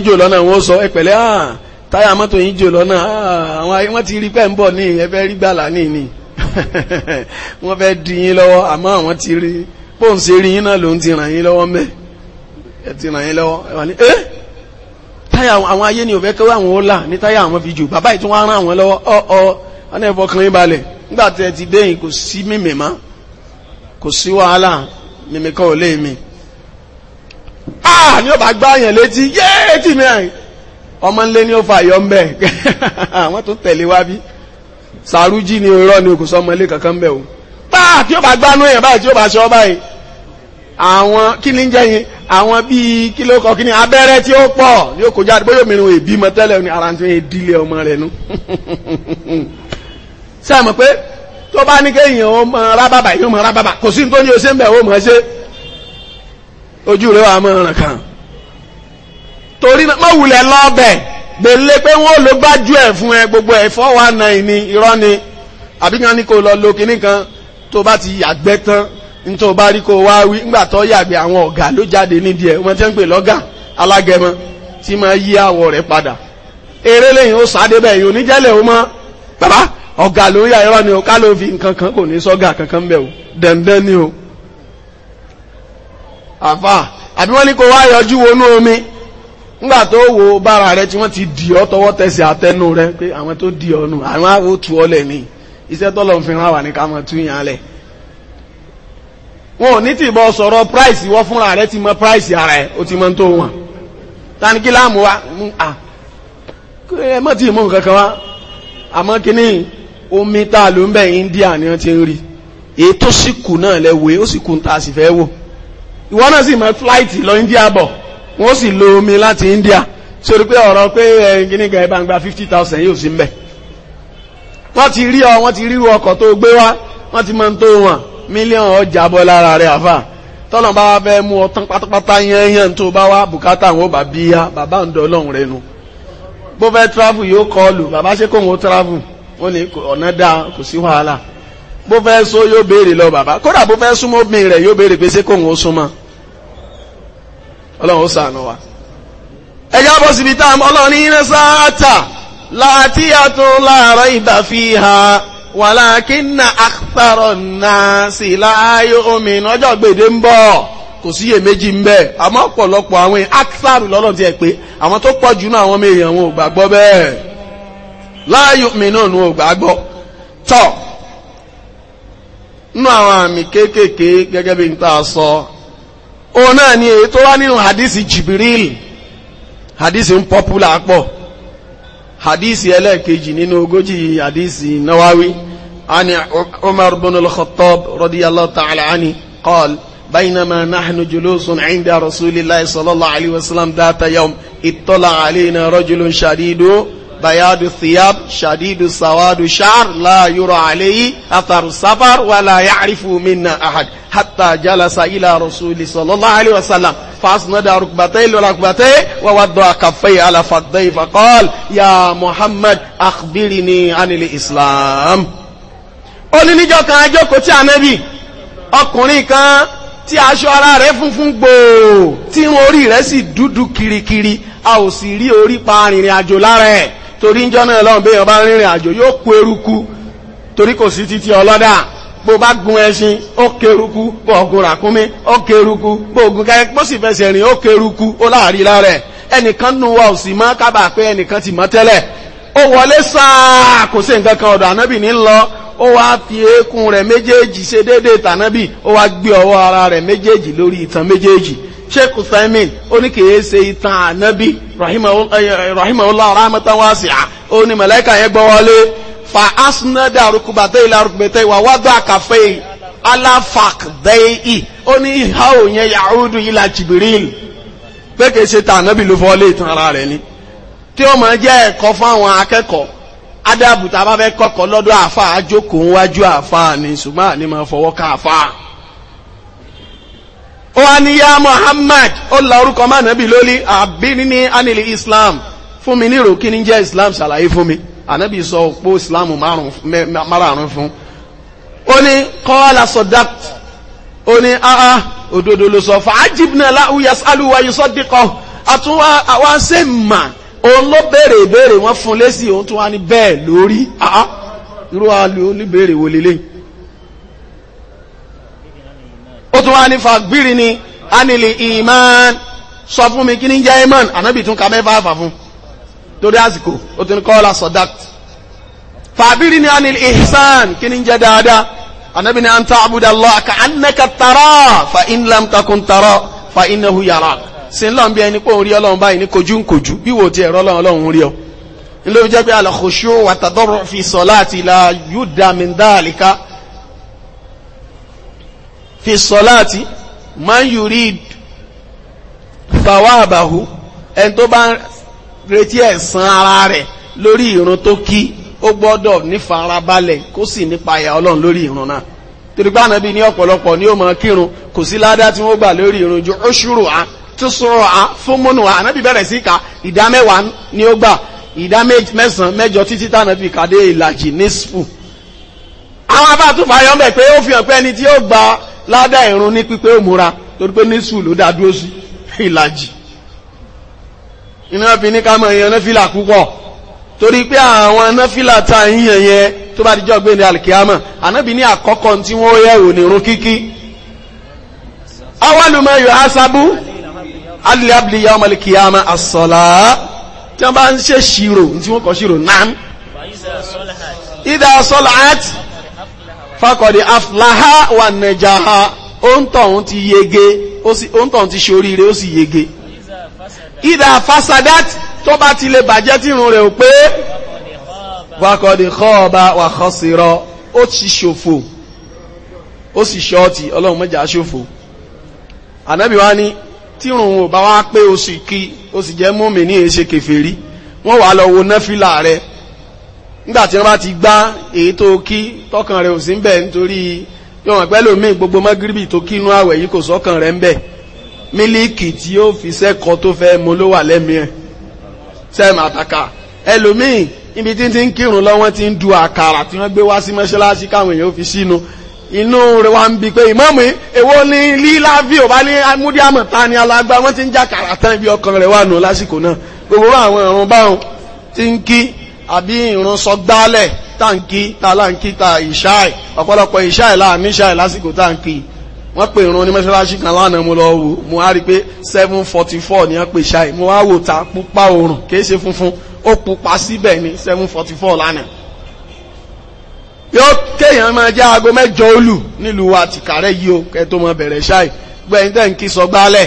jò lọ́nà wọ́n sọ ẹ pẹ̀lẹ́ ah, taya mọ́tò yìí jò lọ́nà ah, àwọn ayé wọ́n ti rí pẹ́ ń bọ̀ ní ẹfẹ́ rí gbàlà ní ní wọ́n fẹ́ yín lọ́wọ́ àmọ́ àwọn ti rí bóun ṣe rí yín náà ló ti ràn yín lọ́wọ́ mẹ́ ẹ ti ràn eh! ayé ni ò fẹ́ kẹ́wọ́ àwọn ó là ní táyà àwọn fi jù bàbá yìí wá rán àwọn ọ ọ balẹ̀ nígbà ti wàhálà mímì kan ò ah, létí ọmọ ńlé ní ó fà yọ ń bẹ̀ àwọn tó tẹ̀lé wá bí sàrújì ni irọ́ ni kò sọ ọmọ ilé kankan ń bẹ̀ o páà tí ó bá gbánú èèyàn báyìí tí ó bá ṣe ọ báyìí àwọn kí ní jẹ́ yẹn àwọn bíi kí ló kọ kí ní abẹ́rẹ́ tí ó pọ̀ yóò kó jáde bóyá òmìnira èbí mọ tẹ́lẹ̀ ní ara tí ó ọmọ rẹ̀ nú sẹ́mọ̀ pé tó bá ní kéèyàn ó mọ rábàbà yóò mọ rábàbà kò sí ní tó ní o ṣe ń bẹ̀ ó mọ̀ ṣe ojú rẹ̀ wà mọ̀ ràn kàn torí náà má wulẹ̀ lọ́ọ̀bẹ̀ gbèlè pé wọ́n ló gbájú ẹ̀ fún ẹ gbogbo ẹ̀ four one nine ni irọ́ ni àbí kan ní kò lọ lo kinní kan tó bá ti yàgbẹ́ tán ní tó bá rí kó wá wí ńgbà tó yàgbẹ́ àwọn ọ̀gá ló jáde nídìí ẹ̀ wọ́n ti ń pè lọ́gà alágẹmọ tí máa yí àwọ̀ rẹ̀ padà eré lẹ́yìn ó sáadé bẹ́ẹ̀ yìí oníjẹ́lẹ̀ ó mọ́ bàbá ọ̀gá ló yà irọ́ ni ó ká ló fi nǹkan kan kò ní sọ́gà kankan bẹ̀ ó dẹ̀ndẹ́n ni ó àfà àbí wọ́n ní kó wá yọjú wọnú omi ńgbà tó wo bára rẹ tí wọ́n ti dì ọ́ tọwọ́ tẹsẹ̀ àtẹnu rẹ pé àwọn tó dì ọ́ nù àwọn àwọn tù ọ́ lẹ̀ ní iṣẹ́ tọ́lọ̀ ń fi hàn wà ní ká mọ̀ tún yàn lẹ̀ wọn ò ní tì bọ́ sọ̀rọ̀ price wọ́n fúnra rẹ ti mọ price ara ẹ̀ ó ti mọ tó wọn tani kí láàmú wa à ẹ mọ̀ tí ì mú nǹkan kan wá àmọ́ kínní omi tá a ló ń bẹ̀ India ni wọ́n ti ń rí èyí tó sì kù náà lẹ wèé ó sì kù ń ta sì fẹ́ wò ìwọ náà sì mọ flight lọ India bọ̀ wọ́n sì lo omi láti India sórí pé ọ̀rọ̀ pé ẹ̀yìnkìníkà ẹ̀bá ń gba 50,000 yóò sí mbẹ̀ wọ́n ti rí ọ wọ́n ti rí ọkọ̀ tó gbé wá wọ́n ti máa ń tó wọn mílíọ̀nù ọjà bọ́ lára rẹ̀ àfà tọ́lọ̀ bá wá fẹ́ mú ọtán pátápátá yẹnyẹn tó bá wá bùkátà àwọn bá bí yá bàbá ń dọ́lọ́hùn rẹ̀ nu bó fẹ́ travel yóò kọlù bàbá ṣe kóhun ó travel ó ní ọ̀nà dáa kò sí wàhálà bó fẹ́ so yóò béèrè lọ bàbá kódà bó fẹ́ súnmọ́ obìnrin rẹ̀ yóò béèrè pé ṣé kóhun ó súnmọ́ ọlọ́run ó wa ẹjá bọ́ síbi tá ọlọ́run ní iná sáátà láti àtún láàárọ̀ fi ha walakinna akthara nasi la yu'minu ọjọ́ gbèdé ń bọ̀ kò síyè méjì ń bẹ àmọ́ ọ̀pọ̀lọpọ̀ àwọn akthar lọ́lọ́ ti ẹ̀ pé àwọn tó pọ̀ jù náà àwọn ọmọ èèyàn wọn ò gbàgbọ́ bẹ́ẹ̀ wọn ò gbàgbọ́ nínú òun náà ni èyí tó wá nínú hadisi Jibril hadisi ń pọ́pùlà pọ̀ hadisi ẹlẹ́ẹ̀kejì nínú ogójì hadisi Nawawi ani Umar bin al-Khattab radiyallahu ta'ala ani qal بينما نحن جلوس عند رسول الله صلى الله عليه وسلم ذات يوم اطلع علينا رجل شديد bayadu thiyab shadidu sawadu sha'r la yura alayhi atharu safar wa la ya'rifu minna ahad hatta jalasa ila rasuli sallallahu alayhi wa sallam فاسند ركبتي لركبتي ووضع كفي على فضي فقال يا محمد أخبرني عن الإسلام ó ní níjọ́ kan ajókòó tí ànábì ọkùnrin kan tí aṣọ ara rẹ̀ funfun gbòò tí irun orí rẹ̀ sì dúdú kirikiri a ò sì rí orí pa arìnrìn àjò lára ẹ̀ torí ń jọ́nà lọ́n bí ọba rìnrìn àjò yóò kú eruku torí kò sí títí ọlọ́dà bó bá gun ẹṣin ó kéruku bó ọgùn ràkúnmí ó kéruku bó ogun kẹ́kẹ́ bó sì fẹsẹ̀ rìn ó kéruku ó láàrí lára ẹ̀ ẹnìkan nu wa ò sì mọ́ kábà pé ẹnìkan ti mọ́ tẹ́lẹ̀ ó wọlé sáà kò sí nǹkan kan ọ̀dọ̀ ànábì ní lọ ó wá fi eékún rẹ̀ méjèèjì ṣe déédéé tànábì ó wá gbé ọwọ́ ara rẹ̀ méjèèjì lórí ìtàn méjèèjì sheikh uthamin ó ní kìí ṣe ìtàn ànábì eh, eh, rahimahullah rahmatan wasi'a ó ní màláíkà yẹn gbọ́ wọlé fa asnada rukubate ila rukubate wa wada kafe alafak dei ó ní ìhà òyìn yahudu ila jibril pé kìí ṣe ìtàn ànábì ló fọ́ lé ìtàn ara rẹ̀ ni tí ó máa jẹ́ ẹ̀kọ́ fún àwọn akẹ́kọ̀ọ́ adabu tá a bá fẹ́ kọ́kọ́ lọ́dọ̀ àfa àjókòó wájú àfa ni ṣùgbọ́n àní máa fọwọ́ ká àfa ó wá ní yá Muhammad ó la orúkọ má nàbí lórí àbíní ní anìlì Islam fún mi ní ìròkí ní jẹ́ Islam ṣàlàyé fún mi ànábì sọ òpó Islam márùn-ún fún ó ní kọ́ọ́lá sọ̀dáp ó ní áá òdodo ló sọ fàájìbìnà láwùyà alùwà yìí sọ́díkọ àtúnwá àwọn ṣe mà òun ló béèrè ìbéèrè wọn fún lésì òun tún wá ní bẹ́ẹ̀ lórí áá irú àlè oníbèrè wò lélẹ́yìn ó tún wá ní fagbírí ni anìlì iman sọ fún mi kí ní jẹ́ iman ànábì tún ka mẹ́fà fà fún torí àsìkò ó tún kọ́ ọ́la sọ̀dakt fagbírí ni anìlì ihsan kí ní jẹ́ dáadáa ànábì ni anta abudallah ka annaka tara fa in lam takun tara fa innahu yarak sin lọ́n bí ẹni pé òun rí ọlọ́run báyìí ní kojú ń kojú bí wò ti ẹ̀rọ ọlọ́run rí ọ nílò jẹ́ pé al khushu wa tadarru fi salati la yudda min dhalika fi salati man yurid thawabahu ẹni tó bá retí ẹ̀san ara rẹ̀ lórí irun tó kí ó gbọ́dọ̀ nífarabalẹ̀ kó sì nípayà ọlọ́run lórí ìrun náà torípé ànábì ní ọ̀pọ̀lọpọ̀ ní ó máa kírun kò sí ládá tí wọ́n gbà lórí ìrun ju oṣùrò á tó sọ̀rọ̀ á fún múnú á anabibere bẹ̀rẹ̀ sí ka ìdá mẹ́wàá ni ó gbà ìdá mẹ́sàn-án mẹ́jọ títí tànábì kàdé ìlàjì nísfù àwọn abá pé ó fi hàn pé ẹni tí ó gba ládá ìrún ní pípé òmúra torí pé ní da dá dúró sí ìlàjì iná fi ní ká èèyàn náfìlà púpọ̀ torí pé àwọn náfìlà ta yíyan yẹn tó bá dijọ́ gbé ní alìkíámọ̀ ànábì ní àkọ́kọ́ tí wọ́n yẹ̀ ní irun kíkí awálùmọ̀ yóò ọmọ alìkíámọ̀ àsọ̀lá tí fakọ̀dé aflaha wà nàjàha òǹtọ̀hún ti yege òǹtọ̀hún ti ṣoríire ó sì yege ìdá fasadat tó bá ti lè bàjẹ́ tí irun rẹ̀ ò pé fakọ̀dé khaba wà khasira ó ti ṣòfò ó sì ṣọ́ọ̀tì ọlọ́run mẹ́jà ṣòfò ànábì wa ní tí irun ò bá wá pé ó sì kí ó sì jẹ́ mọ́mì ní e èṣe kèfèrí wọ́n wà lọ wo náfìlà rẹ̀ nígbàtí wọ́n bá ti gbá èyí tó kí tọ́kàn rẹ̀ ò sí ń bẹ̀ nítorí yọ̀wọ̀n pẹ́lú mi gbogbo mọ́gíríbì tó kí inú àwẹ̀ yìí kò sọ́kàn rẹ̀ ń bẹ̀ mílíkì tí ó fi sẹ́kọ tó fẹ́ mo ló wà lẹ́mí ẹ̀ sẹ́m àtàkà ẹlòmíì ibi tí ti ń kírun lọ́wọ́ ti ń du àkàrà tí wọ́n gbé wá sí mọ́ṣáláṣí káwọn èèyàn fi sínú inú rẹ̀ wá ń bi pé ìmọ̀mù èwo ni líláàbí ò bá ní amúdíàmọ̀ ta ni alágbá wọ́n ti ń jà kàrà tán ibi ọkàn rẹ̀ wà nù lásìkò náà gbogbo àwọn ọ̀run báwọn ti ń kí àbí ìrun sọgbálẹ̀ táǹkì tàláǹkì ta ìṣáì ọ̀pọ̀lọpọ̀ ìṣáì láàmì ìṣáì lásìkò táǹkì wọ́n pè ìrun ní mẹ́sàlásì kan lánàá mo lọ wò mo á rí pé seven forty four ni wọ́n pè ìṣáì mo á wò ta pupa oòrùn kì í ṣe funfun ó pupa síbẹ̀ ní seven forty four lánàá yóò kéèyàn máa jẹ́ aago mẹ́jọ olù nílùú wa tìkàrẹ́ yìí o kẹ́ tó máa bẹ̀rẹ̀ ṣáì gbẹ̀yìn tẹ̀ ń kí sọgbálẹ̀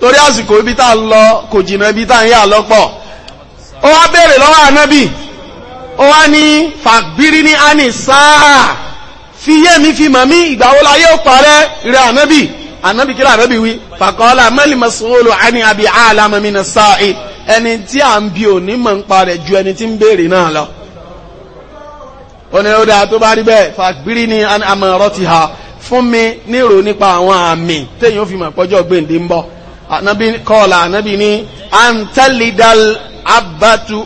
torí àsìkò ibi tá ń lọ kò jìnnà ibi tá ń yà lọ́pọ̀ ó wá béèrè lọ́wọ́ ànábì ó wá ní fàgbírí ní ánì fi yé mi fi mọ̀ mí ìgbà wo la yóò parẹ́ rẹ̀ ànábì ànábì kílà ànábì wí fàkọ́ọ́lá mẹ́lì mọ́sánwólo àní àbí àlàmọ́mínà sáà ẹni tí à ń bi òní mọ̀ ń parẹ́ ju ẹni tí ń béèrè náà lọ ọ̀nà ọ̀dà tó bá rí bẹ́ẹ̀ fàgbírí ní àmọ̀ ti ha fún mi nírò nípa àwọn àmì téèyàn fi mọ̀ pọ́jọ́ gbèǹdé ń bọ̀ anabi kọ́ọ̀lá anabi ní antalidal abatu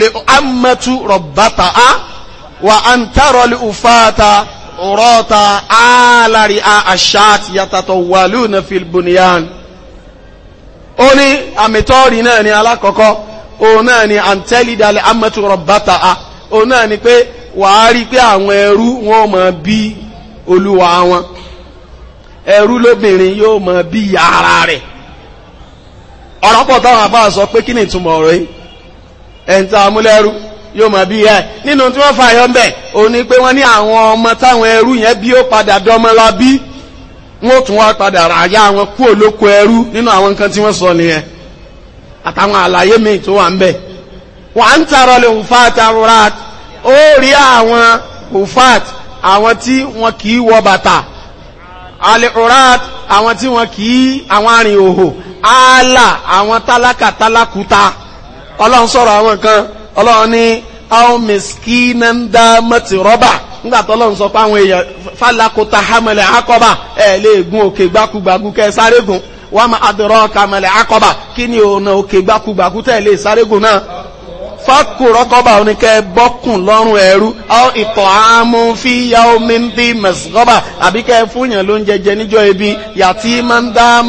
le amatu rọ̀bátà á wà antarọ̀lì ufata rọ́ta alari aṣáàt yàtàtọ̀ wàlú na filbuniyan ó ní àmìtọ́rì náà ni alákọ̀ọ́kọ́ òun náà ni antalidal amatu rọ̀bátà á òun náà ni pé wàá rí pé àwọn ẹrú wọn mọ̀ bí olúwa wọn ẹrú lóbìnrin yóò mọ̀ bí yàrá rẹ̀ ọ̀rọ̀ pọ̀ táwọn sọ pé kí ni ìtumọ̀ ọ̀rọ̀ yìí ẹ̀ǹtà amúlẹ́rú yóò mọ̀ bí ẹ̀ nínú o ní pé wọ́n ní àwọn ọmọ táwọn ẹrú yẹn bí ó padà dọ́mọ bí wọ́n tún wá padà ràyà wọn kú olóko ẹrú sọ nìyẹn àtàwọn àlàyé míì tó wà ń bẹ̀ ń lè arurat ó rí àwọn àwọn tí kì í wọ bàtà àwọn tí ààlà àwọn tálákà tálákúta ọlọ́run sọ̀rọ̀ àwọn kan ọlọ́run ní aomiskinanda ọlọ́run sọ pé àwọn èèyàn ẹ̀ lè gun òkè gbákúgbàkú kẹ́ wọ́n kí ni ọ̀nà òkè gbákúgbàkú tẹ̀ lè awọn gùn náà oníkẹ́ bọ́kùn lọ́rùn ẹ̀rú ìtọ̀ àmú fi ya omi ń bí mẹ̀sìkọ́bà àbíkẹ́ fúnyàn ló ń jẹjẹ níjọ́ ibi yàtí máa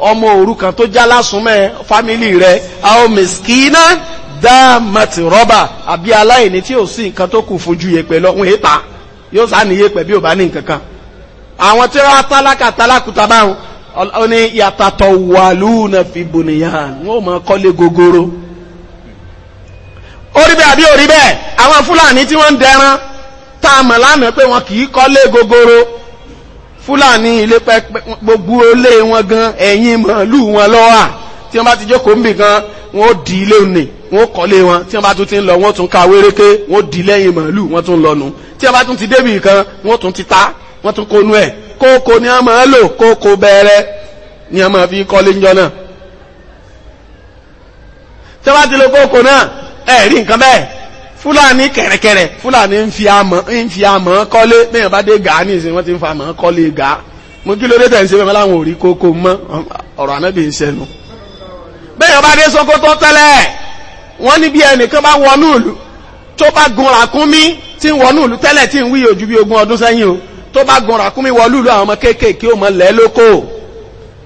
ọmọ òrukàn tó já lásùnmẹ́ fámílì rẹ̀ àwọn mẹ́sìkínà dáàmàtì rọ́bà àbí aláìní tí ò sí nǹkan tó kù fojú yẹpẹ̀ lọ́wọ́n èépa yóò sá ní yẹpẹ̀ bí ò bá ní nǹkan kan àwọn tí wọ́n tálákà tálákùtà báwọn ó ní yàtàtọ̀ wàlúùnà fi bùnìyàn wọ́n ò kọ́lé gogoro orí bẹ́ẹ̀ àbí orí bẹ́ẹ̀ àwọn fúlàní tí wọ́n ń dẹran tá lánàá pé wọn kì í kọ́lé gogoro fúlàní ilé pẹ́pẹ́ gbogbo ilé wọn gan ẹ̀yìn màálù wọn lọ́wà tí wọ́n bá ti jókòó ń bì gan wọ́n ó di ilé òní wọ́n ó kọ́lé wọn tí wọ́n bá tún ti ń lọ wọ́n tún ka wéréké wọ́n ó lẹ́yìn màálù wọ́n tún lọ nù tí wọ́n bá tún ti débì kan wọ́n tún ti ta wọ́n tún konú ẹ̀ kókó ni wọ́n máa lò kókó bẹ̀rẹ̀ ni wọ́n máa fi kọ́lé ńjọ náà tí wọ́n bá ti lo kókó náà ẹ̀ rí nǹkan bẹ́ẹ̀ fúlàní kẹ̀rẹ̀kẹ̀rẹ̀ fúlàní ń fi amọ̀ ń fi amọ̀ kọ́lé bẹ́ẹ̀ bá dé gàá ní ìsìn wọ́n ti ń fa amọ̀ kọ́lé gàá mo kí ló dé tẹ̀sí bẹ́ẹ̀ láwọn ò rí kókó mọ́ ọ̀rọ̀ ànábì ń sẹ́nu. bẹ́ẹ̀ bá dé Sókótó tẹ́lẹ̀ wọ́n ní bí ẹnìkan bá wọnú ìlú tó bá gun ràkúnmí tí ń wọnú ìlú tẹ́lẹ̀ tí ń wí ojú bí ogún ọdún sẹ́yìn o tó bá gun ràkúnmí wọlú ìlú àwọn ọmọ kéékèèké ò mọ lẹ́ lóko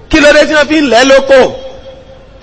kí ló dé tí wọ́n fi ń lẹ́ lóko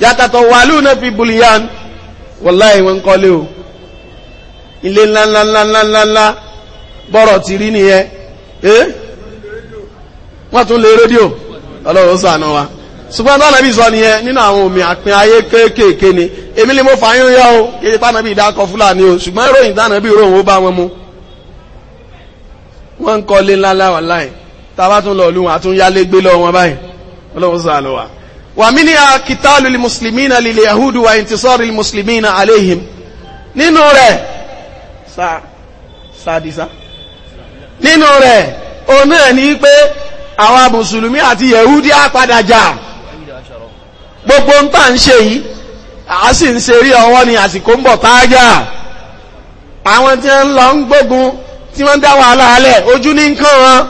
yatatawaluna fi bulyan wallahi wọ́n kọ́lé o ilé ńláńláńláńláńlá bọ́rọ̀ ti rí nìyẹn eh wọ́n tún lè rédíò ọlọ́run ṣàánú wa ṣùgbọ́n tó nàbí sọ nìyẹn nínú àwọn omi àpín ayé kéékèèké ni èmi ni mo fàáyún yá o kéde tánàbí ìdákọ fúlàní o ṣùgbọ́n ìròyìn tánàbí ìròyìn ó bá wọn mu wọ́n ń kọ́lé tá a bá tún lọ ومنها قتال المسلمين لليهود وانتصار المسلمين عليهم nínú rẹ̀ sa sadisa nínú rẹ̀ òun náà ni pé àwọn mùsùlùmí àti yehudi á padà jà gbogbo ń tà ń ṣe yìí a sì ń ṣeré ọwọ́ ni àsìkò ń bọ̀ táájà àwọn tí wọ́n lọ ń gbógun tí wọ́n dá wàhálà alẹ̀ ojú ní nǹkan wọn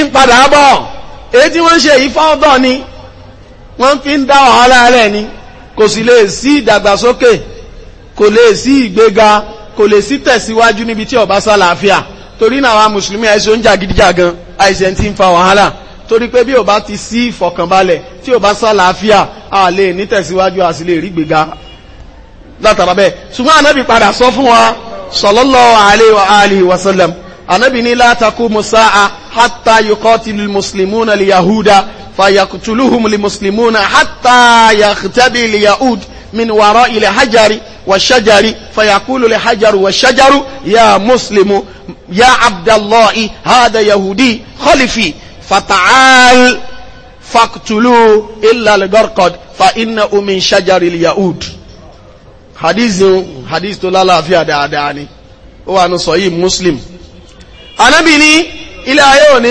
ń padà bọ̀ èyí tí wọ́n ń ṣe ni wọ́n fi ń dá wàhálà rẹ̀ ni kò sì lè sí ìdàgbàsókè kò lè sí ìgbéga kò lè sí tẹ̀síwájú níbi tí ọba sálàáfíà torí náà wa mùsùlùmí àìsàn ń jà gidijagan àìsàn ti ń fa wàhálà torí pé bí ọba ti sí ìfọ̀kànbalẹ̀ tí ọba sálàáfíà a lè ní tẹ̀síwájú a sì lè rí gbéga látara bẹ́ẹ̀ ṣùgbọ́n anábì padà sọ fún wa sallallahu alaihi wa alihi wa sallam anábì ní la taqumu sa'a hatta yuqatilul muslimuna al-yahuda fàyàkùtùlùhùm lè mùsùlùmùnà hàtà yàkùtàbí lè yahud min wàrọ̀ ilẹ̀ hajari wà ṣajari fàyàkùlù lè hajaru wà ṣajaru yà mùsùlùmù yà abdallahi hàdà yahudi khalifi fata'al fàkùtùlù ilà lẹ́gọ́rkọ̀d fa iná omi ṣajari lè yahud. hadith hadith tó lálàáfíà dáadáa ni ó wà ní sọ yìí muslim anábì ní ilé ayé ò ní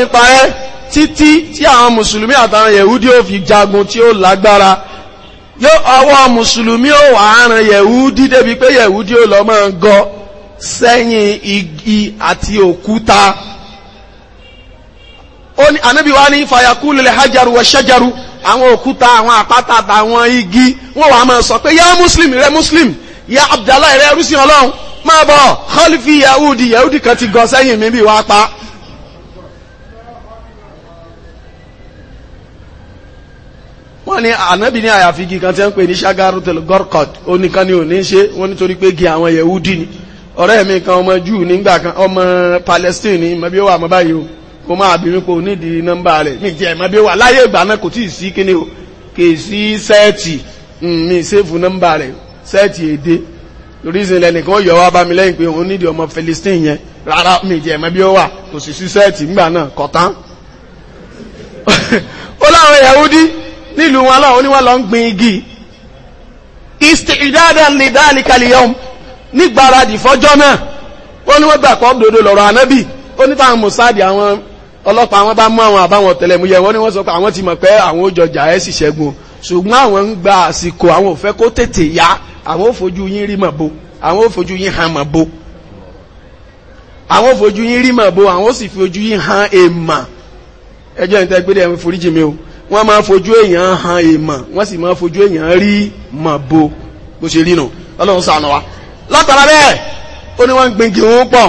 títí tí àwọn mùsùlùmí àtàwọn yẹ̀húdí ó fi jagun tí ó lágbára yóò àwọn mùsùlùmí ó wà ran yẹ̀húdí débi pé yẹ̀húdí ó lọ máa gọ sẹ́yìn igi àti òkúta ànábì wa ní fàyàkú lulẹ̀ hajaru wa ṣẹ́jaru àwọn òkúta àwọn àpáta àtàwọn igi wọ́n wà máa sọ pé yá muslim rẹ muslim yá abdallah rẹ rúsìn ọlọ́run máa bọ̀ khalifi yahudi yahudi kan ti gọ sẹ́yìn mi bí wàá pa wọ́n ní ànábì ní àyàfi igi kan tí wọ́n pè ní shagarutel gorkod oníkan ni ò ní ṣe wọ́n nítorí pé gi àwọn yehudi ni ọ̀rẹ́ mi kan ọmọ jù nígbà kan ọmọ palestine ni mọ̀ bí ó wà mọ́ báyìí o kò máa bínú pé onídìí nọ́mbà rẹ̀ mi jẹ́ mọ̀ bí ó wà láyé ìgbà náà kò tí ì sí kíni o kì í sí sẹ́ẹ̀tì hmm, mi ṣèfù nọ́mbà rẹ̀ sẹ́ẹ̀tì èdè reason lẹ́nìkan yọ wá bá mi lẹ́yìn pé òun nídìí ọmọ palestine yẹn rárá mi jẹ́ mọ̀ bí ó wà kò sì sí sẹ́ẹ̀tì nílùú wọn lọ́wọ́ oníwọ́n lọ ń gbin igi ìdádá lè dá ní kaliyom nígbàradì fọ́jọ́ náà wọ́n ní wọ́n gbà kọ́ òdodo lọ́rọ̀ ànábì ó ní táwọn mùsáàdì àwọn ọlọ́pàá àwọn bá mú àwọn àbáwọn ọ̀tẹlẹ̀múyẹ́ wọ́n ní wọ́n sọ pé àwọn ti mọ̀ pé àwọn òjọjà ẹ̀ sì ṣẹ́gun ṣùgbọ́n àwọn ń gba àsìkò àwọn ò kó tètè yá àwọn ò yín rí mọ̀ bo àwọn ò yín hàn mọ̀ bo àwọn ò yín rí mọ̀ bo àwọn ò sì fojú yín hàn èèmà ẹjọ́ ìtẹ́gbẹ́dẹ́ foríjì mi o wọ́n máa fojú èèyàn ha èèmọ̀ wọ́n sì máa fojú èèyàn rí ma bo bó ṣe rí nù ọlọ́run sànà wa látara bẹ́ẹ̀ ó ní wọ́n ń pọ̀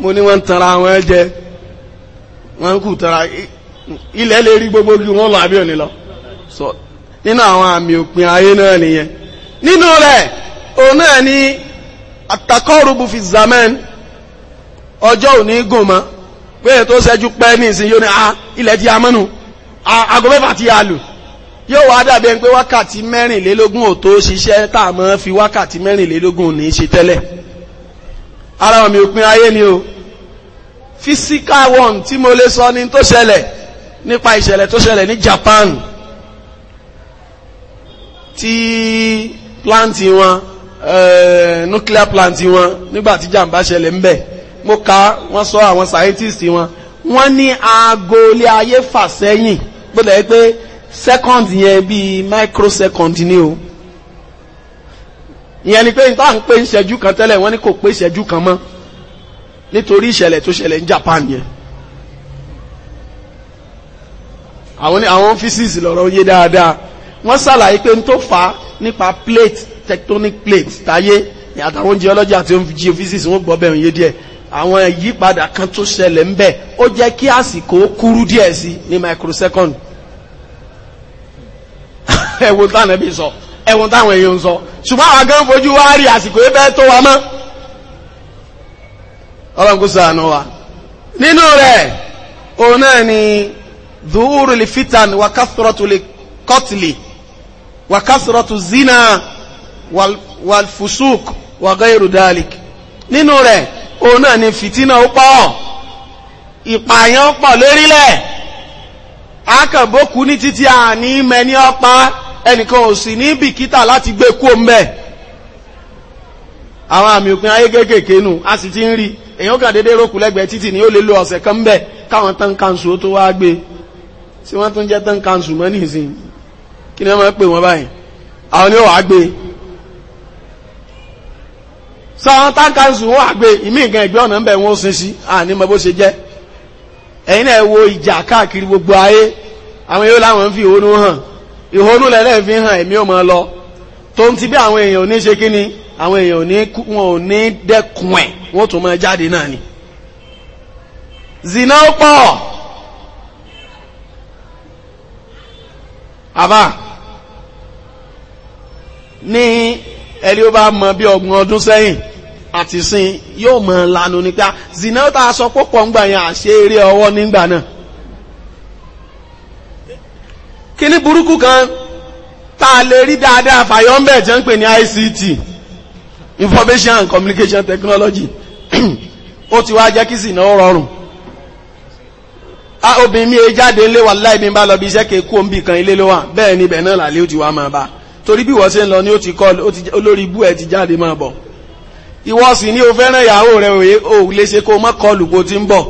mo ní wọ́n ń jẹ wọ́n ń kù tanra ilẹ̀ lè rí gbogbo kí wọ́n lọ àbí òní lọ sọ nínú àwọn àmì òpin ayé náà nìyẹn nínú rẹ̀ ni ọjọ́ òní gùn mọ́ pé ètò ìṣẹ́jú a ilẹ̀ di aago mẹ́fà ti alù yóò wá dàbí ẹni pé wákàtí mẹ́rìnlélógún ò tó ṣiṣẹ́ tá a máa fi wákàtí mẹ́rìnlélógún ní í ṣe tẹ́lẹ̀ ara mi ò pin ayé ni o physical one tí mo lè sọ ni tó ṣẹlẹ̀ nípa ìṣẹ̀lẹ̀ tó ṣẹlẹ̀ ní Japan tí plant wọn eh, nuclear plant wọn nígbàtí jàǹbá ṣẹlẹ̀ ń bẹ̀ mo ka wọ́n sọ àwọn scientists wọn wọ́n ní aago ilé ayé fà sẹ́yìn gbọ́dọ̀ yẹ pé second yẹn bíi microsecond ni o ìyẹn ni pé nípa ń pé ìṣẹ́jú kan tẹ́lẹ̀ wọ́n ní kò pé ìṣẹ́jú kan mọ́ nítorí ìṣẹ̀lẹ̀ tó ṣẹlẹ̀ ní Japan yẹn àwọn ní àwọn physics lọ́rọ̀ yé dáadáa wọ́n ṣàlàyé pé n tó fà á nípa plate tectonic plate táyé àtàwọn geology àti geophysics wọ́n gbọ́ bẹ́ẹ̀ yé díẹ̀ àwọn ìyípadà kan tó ṣẹlẹ̀ ń bẹ ó jẹ́ kí àsìkò kúrú díẹ̀ sí ní microsecond ẹ̀wọ̀n na ẹbí sọ ẹ̀wọ̀n táwọn èèyàn sọ ṣùgbọ́n àwọn gan fojú wá rí àsìkò bẹ́ẹ̀ tó wa mọ́ ọlọ́run wa nínú rẹ̀ òun náà ni fitan zina dalik nínú rẹ̀ òun náà ni fìtínà ó pọ̀ ìpààyàn pọ̀ lórílẹ̀ akàbókù ní títí àní mẹ́ni ọpa ẹnìkan ò sì ní bìkítà láti gbé kú ọmọ àwọn àmì òpin ayé kéékèèké nù a sì ti ń rí èyàn kà déédéé rókù lẹ́gbẹ̀ẹ́ títì ni ó lè lo ọ̀sẹ̀ kan bẹ̀ káwọn tán kanṣu ó tó wá gbé tí wọ́n tún jẹ́ tán kanṣu mọ́ nìsín kí ni wọ́n máa pè wọ́n báyìí àwọn ni ó wàá gbé sọ àwọn táǹkàǹsù wọn àgbè ìmí nǹkan ẹ̀gbẹ́ ọ̀nà ń bẹ̀ wọ́n sin sí àní mọ bó ṣe jẹ́ ẹ̀yin náà wo ìjà káàkiri gbogbo ayé àwọn yóò láwọn ń fi ìhónú hàn ìhónú lẹ́lẹ́ hàn èmi ò mọ lọ tó ń ti bí àwọn èèyàn ní ṣe kí ni àwọn èèyàn ò ní wọn ò ní dẹ́kun ẹ̀ wọ́n tún máa jáde náà ni zina ó pọ̀ àbá ní ẹni ó bá mọ bí ọgbọ̀n ọdún sẹ́yìn àti sin yóò mọ̀ lanu nípa zina tá a sọ púpọ̀ ńgbà yẹn àṣẹ eré ọwọ́ nígbà náà kíní burúkú kan tá a lè rí dáadáa fàyọ́ńbẹ̀ jẹ́ ń pè ní ICT information and communication technology ó ti wá jẹ́ kí sì náà rọrùn a obìnrin mi e jáde lé wà láì bí n bá lọ bí iṣẹ́ kéku òǹbì kan ilé ló wà bẹ́ẹ̀ ni ibẹ̀ náà làlẹ́ ó ti wá máa bá torí bí wọ́n ṣe ń lọ ni ó ti kọ́ olórí ibú ẹ̀ ti jáde máa bọ̀ ìwọ sì ní o fẹ́ràn ìyàwó rẹ̀ òye ò lè ṣe kó mọ́ kọlù kó ti ń bọ̀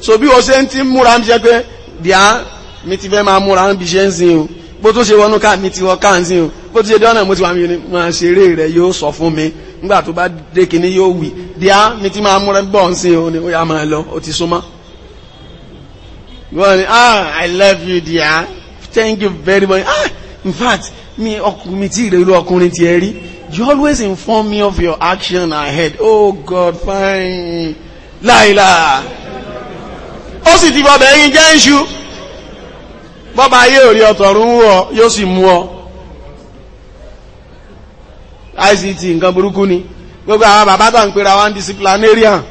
so bí o ṣe ń ti múra ń ṣe pé díà mi ti fẹ́ máa múra ń bí ṣe ń sin o bó tó ṣe wọnú ká mi ti wọ ká ń sin o bó tó ṣe dọ́nà mo ti wà mí ni máa ṣeré rẹ̀ yóò sọ fún mi nígbà tó bá dé kíní yóò wì díà mi ti máa múra bọ̀ ń sin o ni ó yà máa lọ o ti súnmọ́. wọ́n ní ah i love you díà thank you very much ah in fact mi ọkùnrin mi ti ìrèlú ọkùnrin tiẹ̀ rí You always inform me of your action ahead. Oh God, fine. Láìlá. Ó sì ti bọ̀bẹ̀ yín jẹ́ iṣu. Bọ́bá yóò rí ọ̀tọ̀rún wọ, yóò sì mú ọ. ICT nǹkan burúkú ni. Gbogbo àwọn bàbá tó ń pera wá disciplinarian.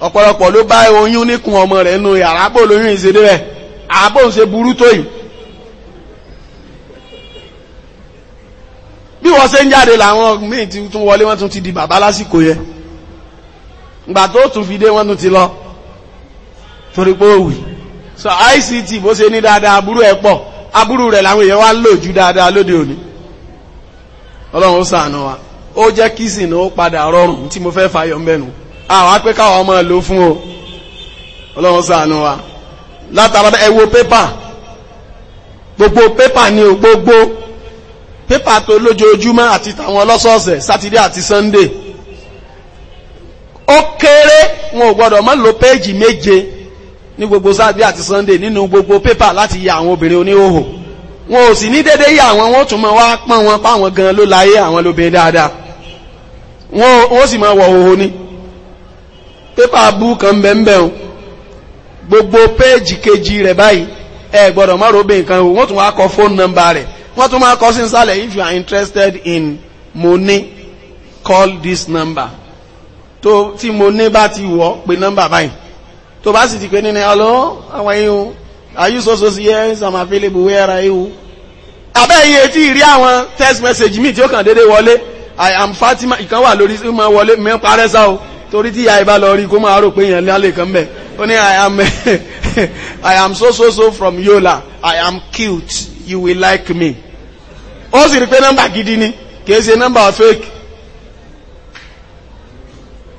Ọ̀pọ̀lọpọ̀ ló bá oyún níkùn ọmọ rẹ̀ nù yàrá bò lóyún ìṣedé rẹ̀. Àbò ń ṣe burú tó yìí. bí wọ́n ṣe ń jáde làwọn míì ti tún wọlé wọ́n tún ti di bàbá lásìkò yẹn gbà tó tún fi dé wọ́n tún ti lọ torí pé so ICT bó ṣe ní dáadáa aburú ẹ̀ pọ̀ aburú rẹ̀ làwọn èèyàn wá lò ju dáadáa lóde òní ọlọ́run ó wa ó jẹ́ ó padà rọrùn tí mo fẹ́ àwọn ọmọ fún o ọlọ́run ṣàánú wa látara ẹ wo pépà gbogbo pépà ni o gbogbo pépà tó lójoojúmọ́ àti tàwọn ọlọ́sọ̀ọ̀sẹ̀ sátidé àti sunday ó kéré wọn ò gbọ́dọ̀ má lo péèjì méje ní gbogbo sátidé àti sunday nínú gbogbo pépà láti ya àwọn obìnrin oníhòhò wọn ò sì ní dédé yà àwọn wọn tún mọ wá pọ́n wọn páwọn gan ló láyé àwọn lóbìnrin dáadáa wọn ó sì máa wọ òhò ni pépà bú kan bẹ́ẹ̀ o gbogbo péèjì kejì rẹ̀ báyìí ẹ gbọ́dọ̀ má robin kan o tún wá kọ fóònù nọ́mbà rẹ̀ wọ́n tún máa kọ sí ìsàlẹ̀ if you are interested in money call this number tó tí money bá ti wọ̀ pé number báyìí tó bá sì ti pé nínú hello àwọn ẹ̀yìn are you so so yes i'm available where are you abẹ́ iye tí rí àwọn text message mi tí ó kàn déédéé wọlé i am fatima ìkan wà lórí sí máa wọlé mi parẹ́ sá o torí tí ìyá ìbá lọ rí kó máa rò pé èèyàn lálẹ́ kan bẹ̀ ó ní i am i am so so so from yola i am cute you will like me ó sì rí pé nọ́mbà gidi ni kìí ṣe nọ́mbà fake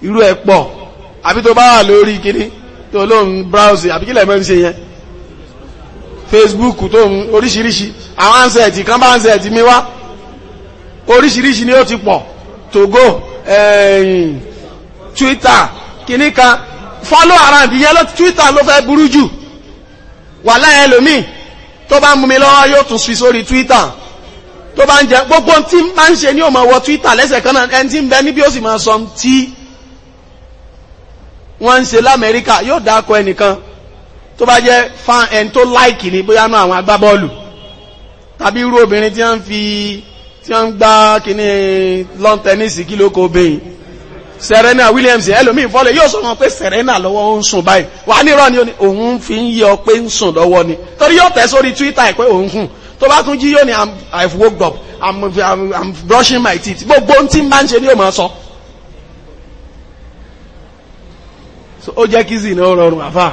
irú ẹ̀ pọ̀ àbí tó bá wà lórí kíní tó lóun browse àbí kílẹ̀ mọ́ ṣe yẹn Facebook tó ń oríṣiríṣi àwọn ansẹ̀tì kan bá ansẹ̀tì mi wá oríṣiríṣi ni ó ti pọ̀ togo ẹ̀yìn Twitter kíní kan follow around ìyẹn lọ Twitter ló fẹ́ burú jù wà láyé lómi tó bá mú mi lọ́wọ́ yóò tún fi sórí Twitter tó bá ń jẹ gbogbo tí ń bá ń ṣe ní ọmọ wọ Twitter lẹ́sẹ̀ kan náà ẹni tí ń bẹ níbi ó sì máa sọ tí wọ́n ń ṣe lamẹ́ríkà yóò dákọ ẹnìkan tó bá jẹ́ fan ẹni tó láìkì ní bóyá náà àwọn agbábọ́ọ̀lù tàbí irú obìnrin tí wọ́n ń fi tí wọ́n ń gbá kíní lawn tennis kí ló kó bẹ́yìn Serena Williams ẹlòmíì fọ́lẹ̀ yóò sọ wọn pé Serena lọ́wọ́ ó ń sùn báyìí wà á nírọ̀ ni òun fi ń yẹ ọ pé ń sùn lọ́wọ́ ni torí yóò tẹ̀ sórí Twitter ẹ̀ pé òun hùn tó bá tún jí yóò ní i've woke up i'm i'm i'm brushing my teeth gbogbo ohun tí n bá ń ṣe ni yóò sọ. so ó jẹ́ kí zina ó rọrùn àfà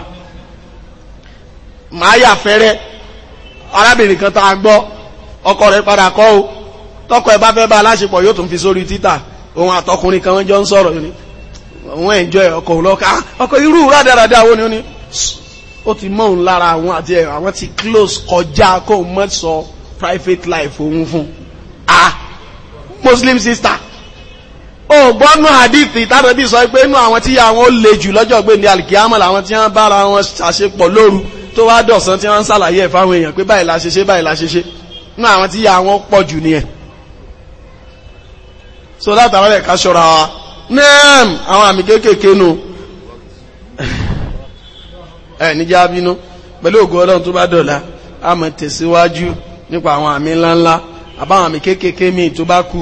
màá yà fẹ́rẹ́ arábìnrin kan tá a gbọ́ ọkọ rẹ̀ padà kọ́ o tọkọ ẹ bá fẹ́ bá aláṣepọ̀ yóò tún fi sórí títà òun àtọkùnrin kan jọ ń sọ̀rọ̀ yìí ni òun enjoy ọkọ òun lọ́ka ah, ọkọ irú rádàràdà wo ni ó ní ó ti mọ òun lára àwọn àti àwọn ti close kọjá kó o mọ sọ private life òun fún ah muslim sister ó gbọ́nú hadith ìtàdàbí sọ pé inú àwọn tí àwọn ó le jù lọ́jọ́ gbé ní alikiyama làwọn tí wọ́n bára wọn ṣàṣepọ̀ lóru tó wá dọ̀sán tí wọ́n ń ṣàlàyé ẹ̀ fáwọn èèyàn pé báyìí la ṣe ṣe báyìí la ṣe ṣe inú àwọn tí àwọn pọ̀ jù nìyẹn so látàwọn ẹ̀ka ṣọ́ra wa náà àwọn àmì kéékèèké nù. No ẹ̀ níjà bínú pẹ̀lú ògùn ọlọ́run tó bá dọ̀lá a máa tẹ̀síwájú nípa àwọn àmì ńláńlá àbáwọn àmì kéékèèké míì tó bá kú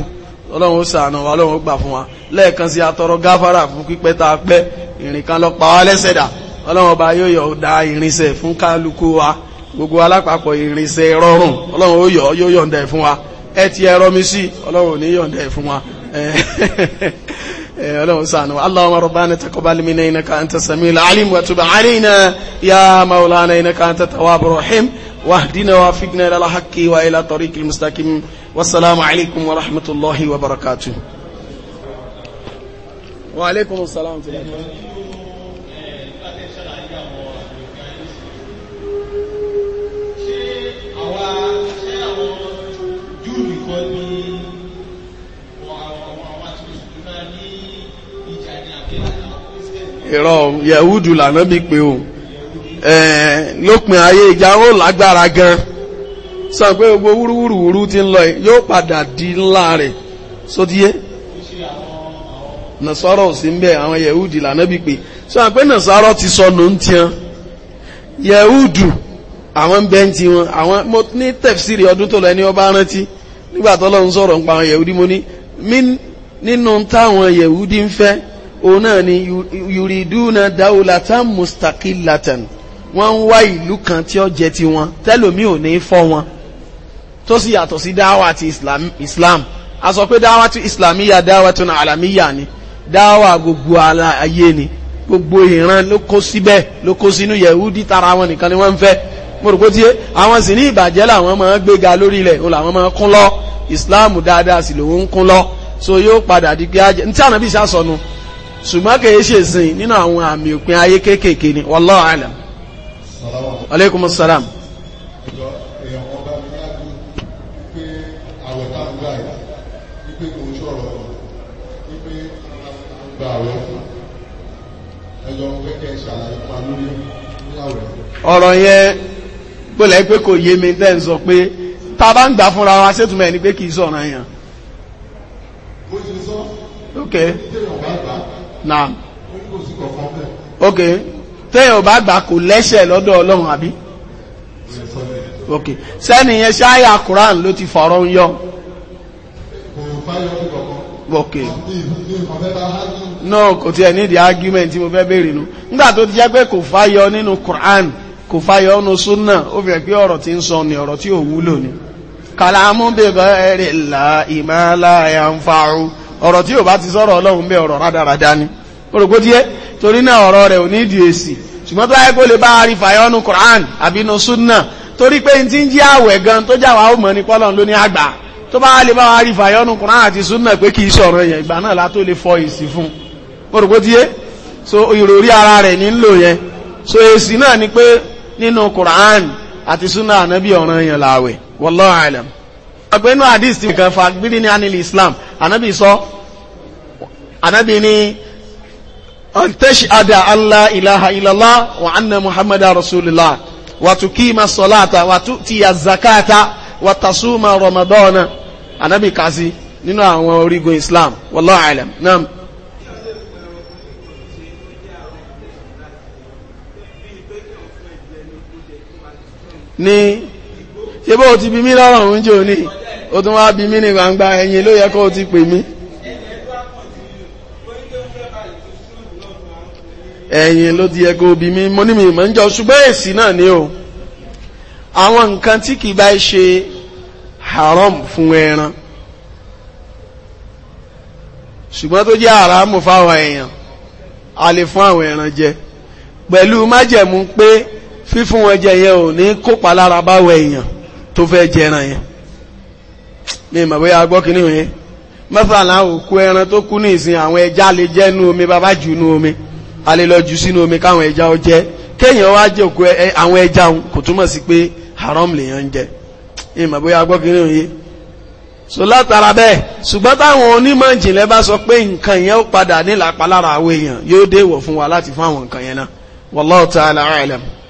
ọlọ́run ó sànà wà ọlọ́run ó gbà fún wa lẹ́ẹ̀kan sí atọrọ gáfárà fún pípẹ́ tá a pẹ́ ìrìn kan lọ pa wá lẹ́sẹ̀dá ọlọ́run ọba yóò yọ da ìrìnsẹ̀ fún kálukú wa gbogbo alápapọ̀ ìrìnsẹ̀ rọrùn ọlọ́run ó yọ yóò yọ̀ǹda fún wa ẹ ti ẹ̀rọ mi sí ọlọ́run ò ní yọ̀ǹda fún wa Eh, ọlọ́run sànù allahumma rabbana taqabbal minna innaka anta samiul alim wa tub alayna ya maulana innaka anta tawwabur rahim واهدنا وافقنا الى الحق والى طريق المستقيم والسلام عليكم ورحمه الله وبركاته وعليكم السلام ورحمه الله ìrọ̀ yẹ̀húdù lànà bí pé o lópin ayé ìjà ó lágbára gan sọ pé gbogbo wúrúwúrúwúrú ti ń lọ yóò padà di ńlá rẹ̀ sódíyé nàṣọ́rọ̀ sí ń bẹ àwọn yẹ̀húdù lànà bí pé sọ pé nàṣọ́rọ̀ ti sọnù ń tiẹn yẹ̀húdù àwọn ń bẹ ń ti wọn àwọn mo ní tẹ̀fsìrì ọdún tó lọ ẹni ọba rántí nígbà tó lọ́n sọ̀rọ̀ ń pa àwọn yẹ̀húdì mo ní nínú táwọn yẹ̀húdì ń fẹ́ òun náà ni yuriduna daulatan mustaqillatan wọ́n ń wá ìlú kan tí ó jẹ́ ti wọn tẹ́lòmí ò ní fọ́ wọn tó sì yàtọ̀ sí dáwà ti islam, islam. a sọ pé dáwà ti islamiyya dáwà tó na alamiya ni dáwà gbogbo ala ayé ni gbogbo ìran ló kó síbẹ̀ ló kó sínú yẹ̀húdí tara wọn nìkan ni wọ́n ń fẹ́ mọ̀rùkú àwọn sì ní ìbàjẹ́ làwọn máa gbéga lórí ilẹ̀ o làwọn máa kún lọ islam dáadáa sì lòun ń kún lọ so yóò padà di pé ajẹ́ ní tí ànábì sá sọnu ṣùgbọ́n kìí ṣe sìn nínú àwọn àmì òpin ayé kéékèèké ni wallahu alam aleykum salam. ọ̀rọ̀ yẹn gbọ́lẹ̀ pé kò yé mi tẹ́ ń sọ pé ta bá ń gbà fúnra wa ṣètùmọ̀ ẹni pé kì í sọ̀rọ̀ yẹn. ok. náà ok téèyàn bá gbà kò lẹ́sẹ̀ lọ́dọ̀ ọlọ́run àbí ok sẹ́ni yẹn ṣáyà Quran ló ti fọ̀rọ̀ ń yọ ok no kò tiẹ̀ the argument tí mo fẹ́ béèrè nu nígbà tó ti jẹ́ pé kò fáyọ nínú Quran kò fáyọ nínú sunna ó fi pé ọ̀rọ̀ tí ń sọ ni ọ̀rọ̀ tí ò wúlò ni kàlámù ẹ̀rẹ̀ là ọ̀rọ̀ tí yóò bá ti sọ̀rọ̀ ọlọ́run bẹ́ ọ̀rọ̀ rádaràdá ni orògbó tí yẹ torí náà ọ̀rọ̀ rẹ̀ ò ní ìdí èsì ṣùgbọ́n tó ayẹ́kó lè bá arí fàyọ́nù Quran àbínú súnà torí pé n ti ń jí àwẹ̀ gan tó jáwàá ó mọ̀ ní pọ́lọ̀ ló ní àgbà tó bá lè bá arí fàyọ́nù Quran àti súnà pé kì í sọ̀rọ̀ yẹn ìgbà náà látó lè fọ èsì fún orògbó tí yẹ so ìròrí ara rẹ̀ ní ń lò yẹn so èsì náà ni pé nínú Quran àti súnà ànábì ọ̀ràn yẹn làwẹ̀ wallahu alam ọgbẹ́nu àdìsí kan fagbírí ní anil Islam ànábì sọ anábì ní ọ̀tẹ́ṣì adà allah ilaha illallah wa anna muhammadan rasulillah wa tukima salata wa tutiya zakata wa tasuma ramadana anábì kasi nínú àwọn orígun islam wallahu alam naam. ní ṣe bó o ti bí mí lọ́rọ̀ oúnjẹ òní o tún wá bí mí ní gbangba ẹ̀yìn ló yẹ kó o ti pè mí. ẹ̀yìn ló ti yẹ kó bí mi mo ní mi ìmọ̀ ń jọ ṣùgbọ́n èsì náà ni o àwọn nǹkan tí kì bá ṣe haram fún ẹran ṣùgbọ́n tó jẹ́ haramu fáwọn èèyàn a lè fún àwọn ẹran jẹ pẹ̀lú májẹ̀mú pé fífún wọn jẹ yẹn ò ní kópa lára báwọn èèyàn tó fẹ́ jẹran yẹn mi ìmọ̀ bóyá gbọ́ kínní yẹn mẹ́fà láwọn òkú ẹran tó kú ní ìsìn àwọn ẹja lè jẹ́ nú omi bàbá jù nú omi a lè lọ jù sínú omi káwọn ẹja ó jẹ kéèyàn wá jẹ òkú àwọn ẹja òun kò túmọ̀ sí pé haram lèèyàn ń jẹ ìmọ̀ bóyá agbọ́kiri òye so látara bẹ́ẹ̀ ṣùgbọ́n táwọn onímọ̀ ìjìnlẹ̀ bá sọ pé nǹkan yẹn padà nílàpá lára àwọn èèyàn yóò déwọ̀ fún wa láti fún àwọn nǹkan yẹn náà wallahu ta'ala